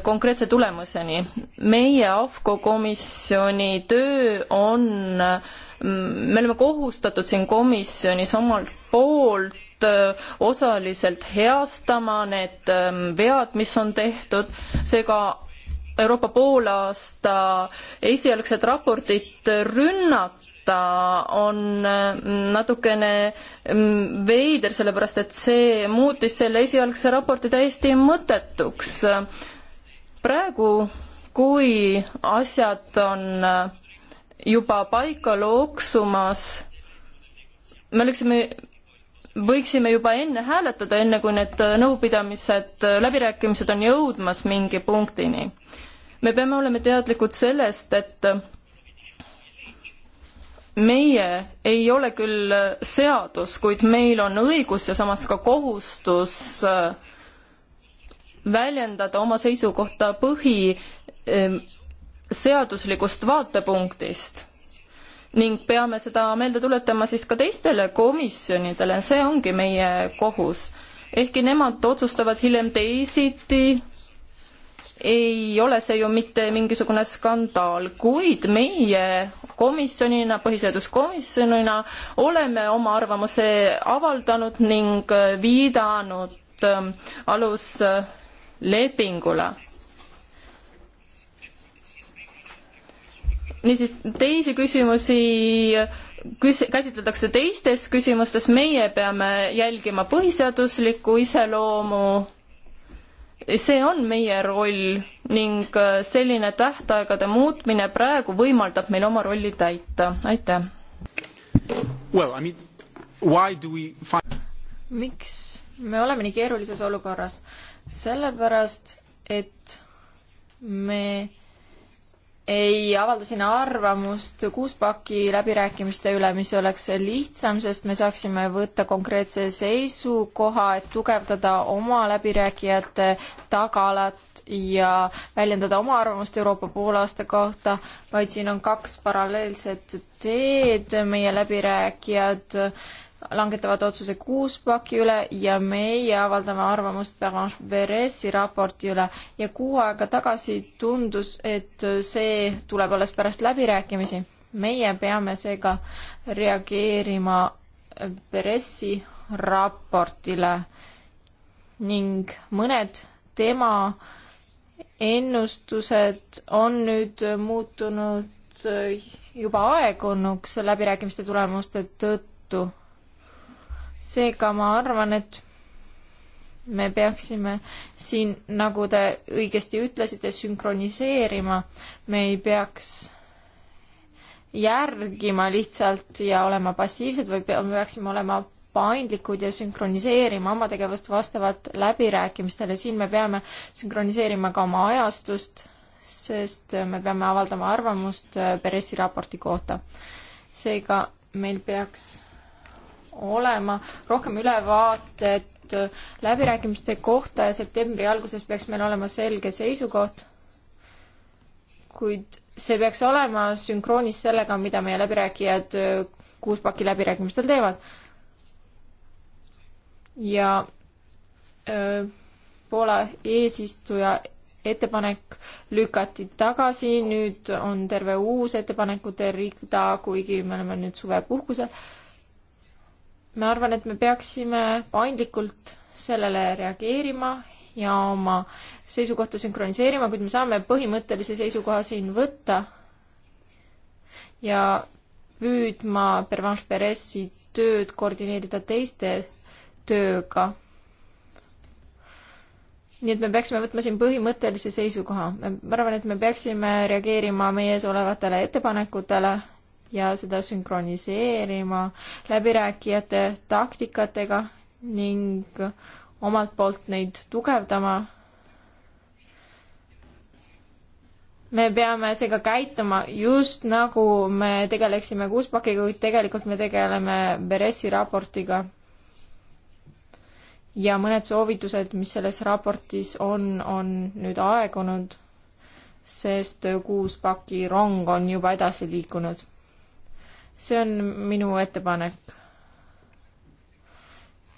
konkreetse tulemuseni. meie AFCO komisjoni töö on Mm, me oleme kohustatud siin komisjonis omalt poolt äh, osaliselt heastama need ähm, vead, mis on tehtud, seega Euroopa poolaasta esialgset raportit rünnata kohta on äh, natukene mm, veider, sellepärast et see muutis selle esialgse raporti täiesti mõttetuks. praegu, kui asjad on äh, juba paika loksumas. me oleksime, võiksime juba enne hääletada, enne kui need nõupidamised, läbirääkimised on jõudmas mingi punktini. me peame olema teadlikud sellest, et meie ei ole küll seadus, kuid meil on õigus ja samas ka kohustus äh, väljendada oma seisukohta põhi ehm, seaduslikust vaatepunktist ning peame seda meelde tuletama siis ka teistele komisjonidele, see ongi meie kohus. ehkki nemad otsustavad hiljem teisiti, ei ole see ju mitte mingisugune skandaal, kuid meie komisjonina, põhiseaduskomisjonina oleme oma arvamuse avaldanud ning viidanud ähm, aluslepingule niisiis, teisi küsimusi küs-, käsitletakse teistes küsimustes, meie peame jälgima põhiseaduslikku iseloomu, see on meie roll ning äh, selline tähtaegade muutmine praegu võimaldab meil oma rolli täita, aitäh. Well, I mean, why do we find... miks me oleme nii keerulises olukorras? sellepärast, et me ei avalda siin arvamust kuuspaki läbirääkimiste üle, mis oleks lihtsam, sest me saaksime võtta konkreetse seisukoha, et tugevdada oma läbirääkijate tagalat ja väljendada oma arvamust Euroopa poolaasta kohta, vaid siin on kaks paralleelset teed, meie läbirääkijad äh, langetavad otsuse kuuspaki üle ja meie avaldame arvamust Berange Beresi raporti üle ja kuu aega tagasi tundus, et see tuleb alles pärast läbirääkimisi. meie peame seega reageerima Beresi raportile ning mõned tema ennustused on nüüd muutunud juba aegunuks läbirääkimiste tulemuste tõttu seega ma arvan, et me peaksime siin, nagu te õigesti ütlesite, sünkroniseerima, me ei peaks järgima lihtsalt ja olema passiivsed, vaid me peaksime olema paindlikud ja sünkroniseerima oma tegevust vastavalt läbirääkimistele, siin me peame sünkroniseerima ka oma ajastust, sest me peame avaldama arvamust Peressi raporti kohta. seega meil peaks olema rohkem ülevaatet läbirääkimiste kohta ja septembri alguses peaks meil olema selge seisukoht. kuid see peaks olema sünkroonis sellega, mida meie läbirääkijad äh, kuuspaki läbirääkimistel teevad. ja öö, äh, Poola eesistuja ettepanek lükati tagasi, nüüd on terve uus ettepanekute rida, kuigi me oleme nüüd suvepuhkusel ma arvan, et me peaksime paindlikult sellele reageerima ja oma seisukohta sünkroniseerima, kuid me saame põhimõttelise seisukoha siin võtta ja püüdma Pervanche Peresi tööd koordineerida teiste tööga. nii et me peaksime võtma siin põhimõttelise seisukoha. ma arvan, et me peaksime reageerima meie ees olevatele ettepanekutele ja seda sünkroniseerima läbirääkijate taktikatega ning omalt poolt neid tugevdama. me peame seega käituma just nagu me tegeleksime Kuuspakiga, kuid tegelikult me tegeleme Beresi raportiga. ja mõned soovitused, mis selles raportis on, on nüüd aegunud, sest Kuuspaki rong on juba edasi liikunud see on minu ettepanek.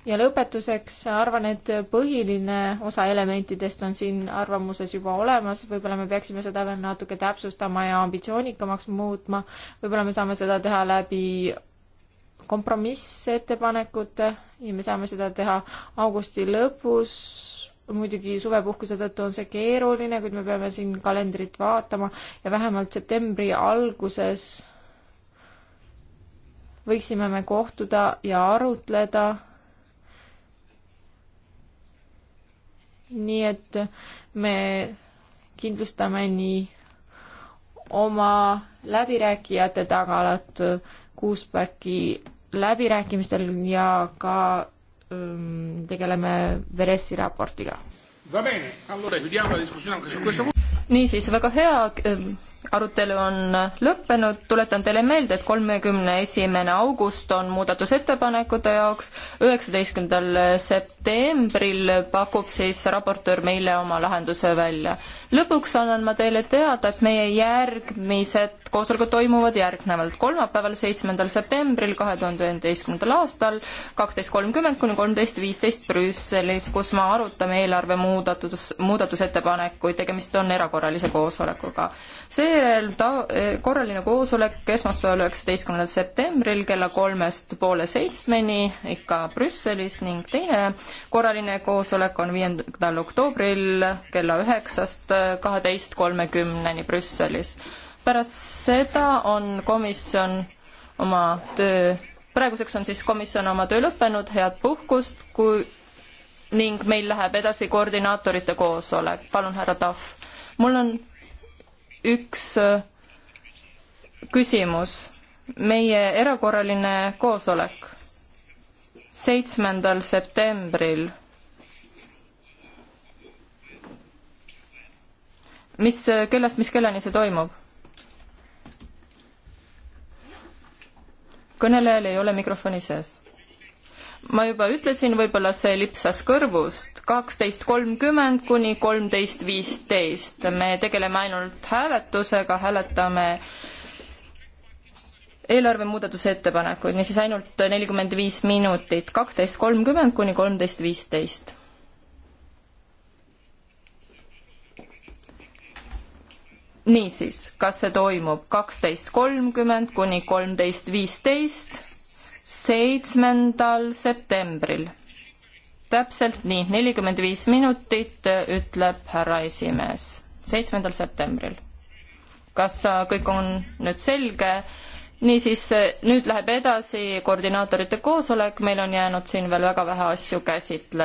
ja lõpetuseks arvan, et põhiline osa elementidest on siin arvamuses juba olemas, võib-olla me peaksime seda veel natuke täpsustama ja ambitsioonikamaks muutma, võib-olla me saame seda teha läbi kompromissettepanekute ja me saame seda teha augusti lõpus. muidugi suvepuhkuse tõttu on see keeruline, kuid me peame siin kalendrit vaatama ja vähemalt septembri alguses võiksime me kohtuda ja arutleda. nii et me kindlustame nii oma läbirääkijate tagalat kuuspäki läbirääkimistel ja ka um, tegeleme Veressi raportiga. niisiis, väga hea, ähm, arutelu on lõppenud, tuletan teile meelde, et kolmekümne esimene august on muudatusettepanekute jaoks, üheksateistkümnendal septembril pakub siis raportöör meile oma lahenduse välja. lõpuks annan ma teile teada, et meie järgmised koosolekud toimuvad järgnevalt. kolmapäeval, seitsmendal septembril kahe tuhande üheteistkümnendal aastal kaksteist kolmkümmend kuni kolmteist viisteist Brüsselis, kus me arutame eelarve muudatus, muudatusettepanekuid, tegemist on erakorralise koosolekuga. seejärel ta-, korraline koosolek esmaspäeval, üheksateistkümnendal septembril kella kolmest poole seitsmeni ikka Brüsselis ning teine korraline koosolek on viiendal oktoobril kella üheksast kaheteist kolmekümneni Brüsselis pärast seda on komisjon oma töö, praeguseks on siis komisjon oma töö lõppenud, head puhkust, kui ning meil läheb edasi koordinaatorite koosolek. palun, härra Tahv. mul on üks äh, küsimus. meie erakorraline koosolek seitsmendal septembril mis äh, kellast mis kellani see toimub? kõnelejal ei ole mikrofoni sees. ma juba ütlesin, võib-olla see lipsas kõrvust, kaksteist kolmkümmend kuni kolmteist viisteist. me tegeleme ainult hääletusega, hääletame eelarve muudatuse ettepanekuid, niisiis ainult nelikümmend viis minutit, kaksteist kolmkümmend kuni kolmteist viisteist niisiis, kas see toimub kaksteist kolmkümmend kuni kolmteist viisteist seitsmendal septembril? täpselt nii, nelikümmend viis minutit, ütleb härra esimees, seitsmendal septembril. kas kõik on nüüd selge? niisiis, nüüd läheb edasi koordinaatorite koosolek, meil on jäänud siin veel väga vähe asju käsitleda.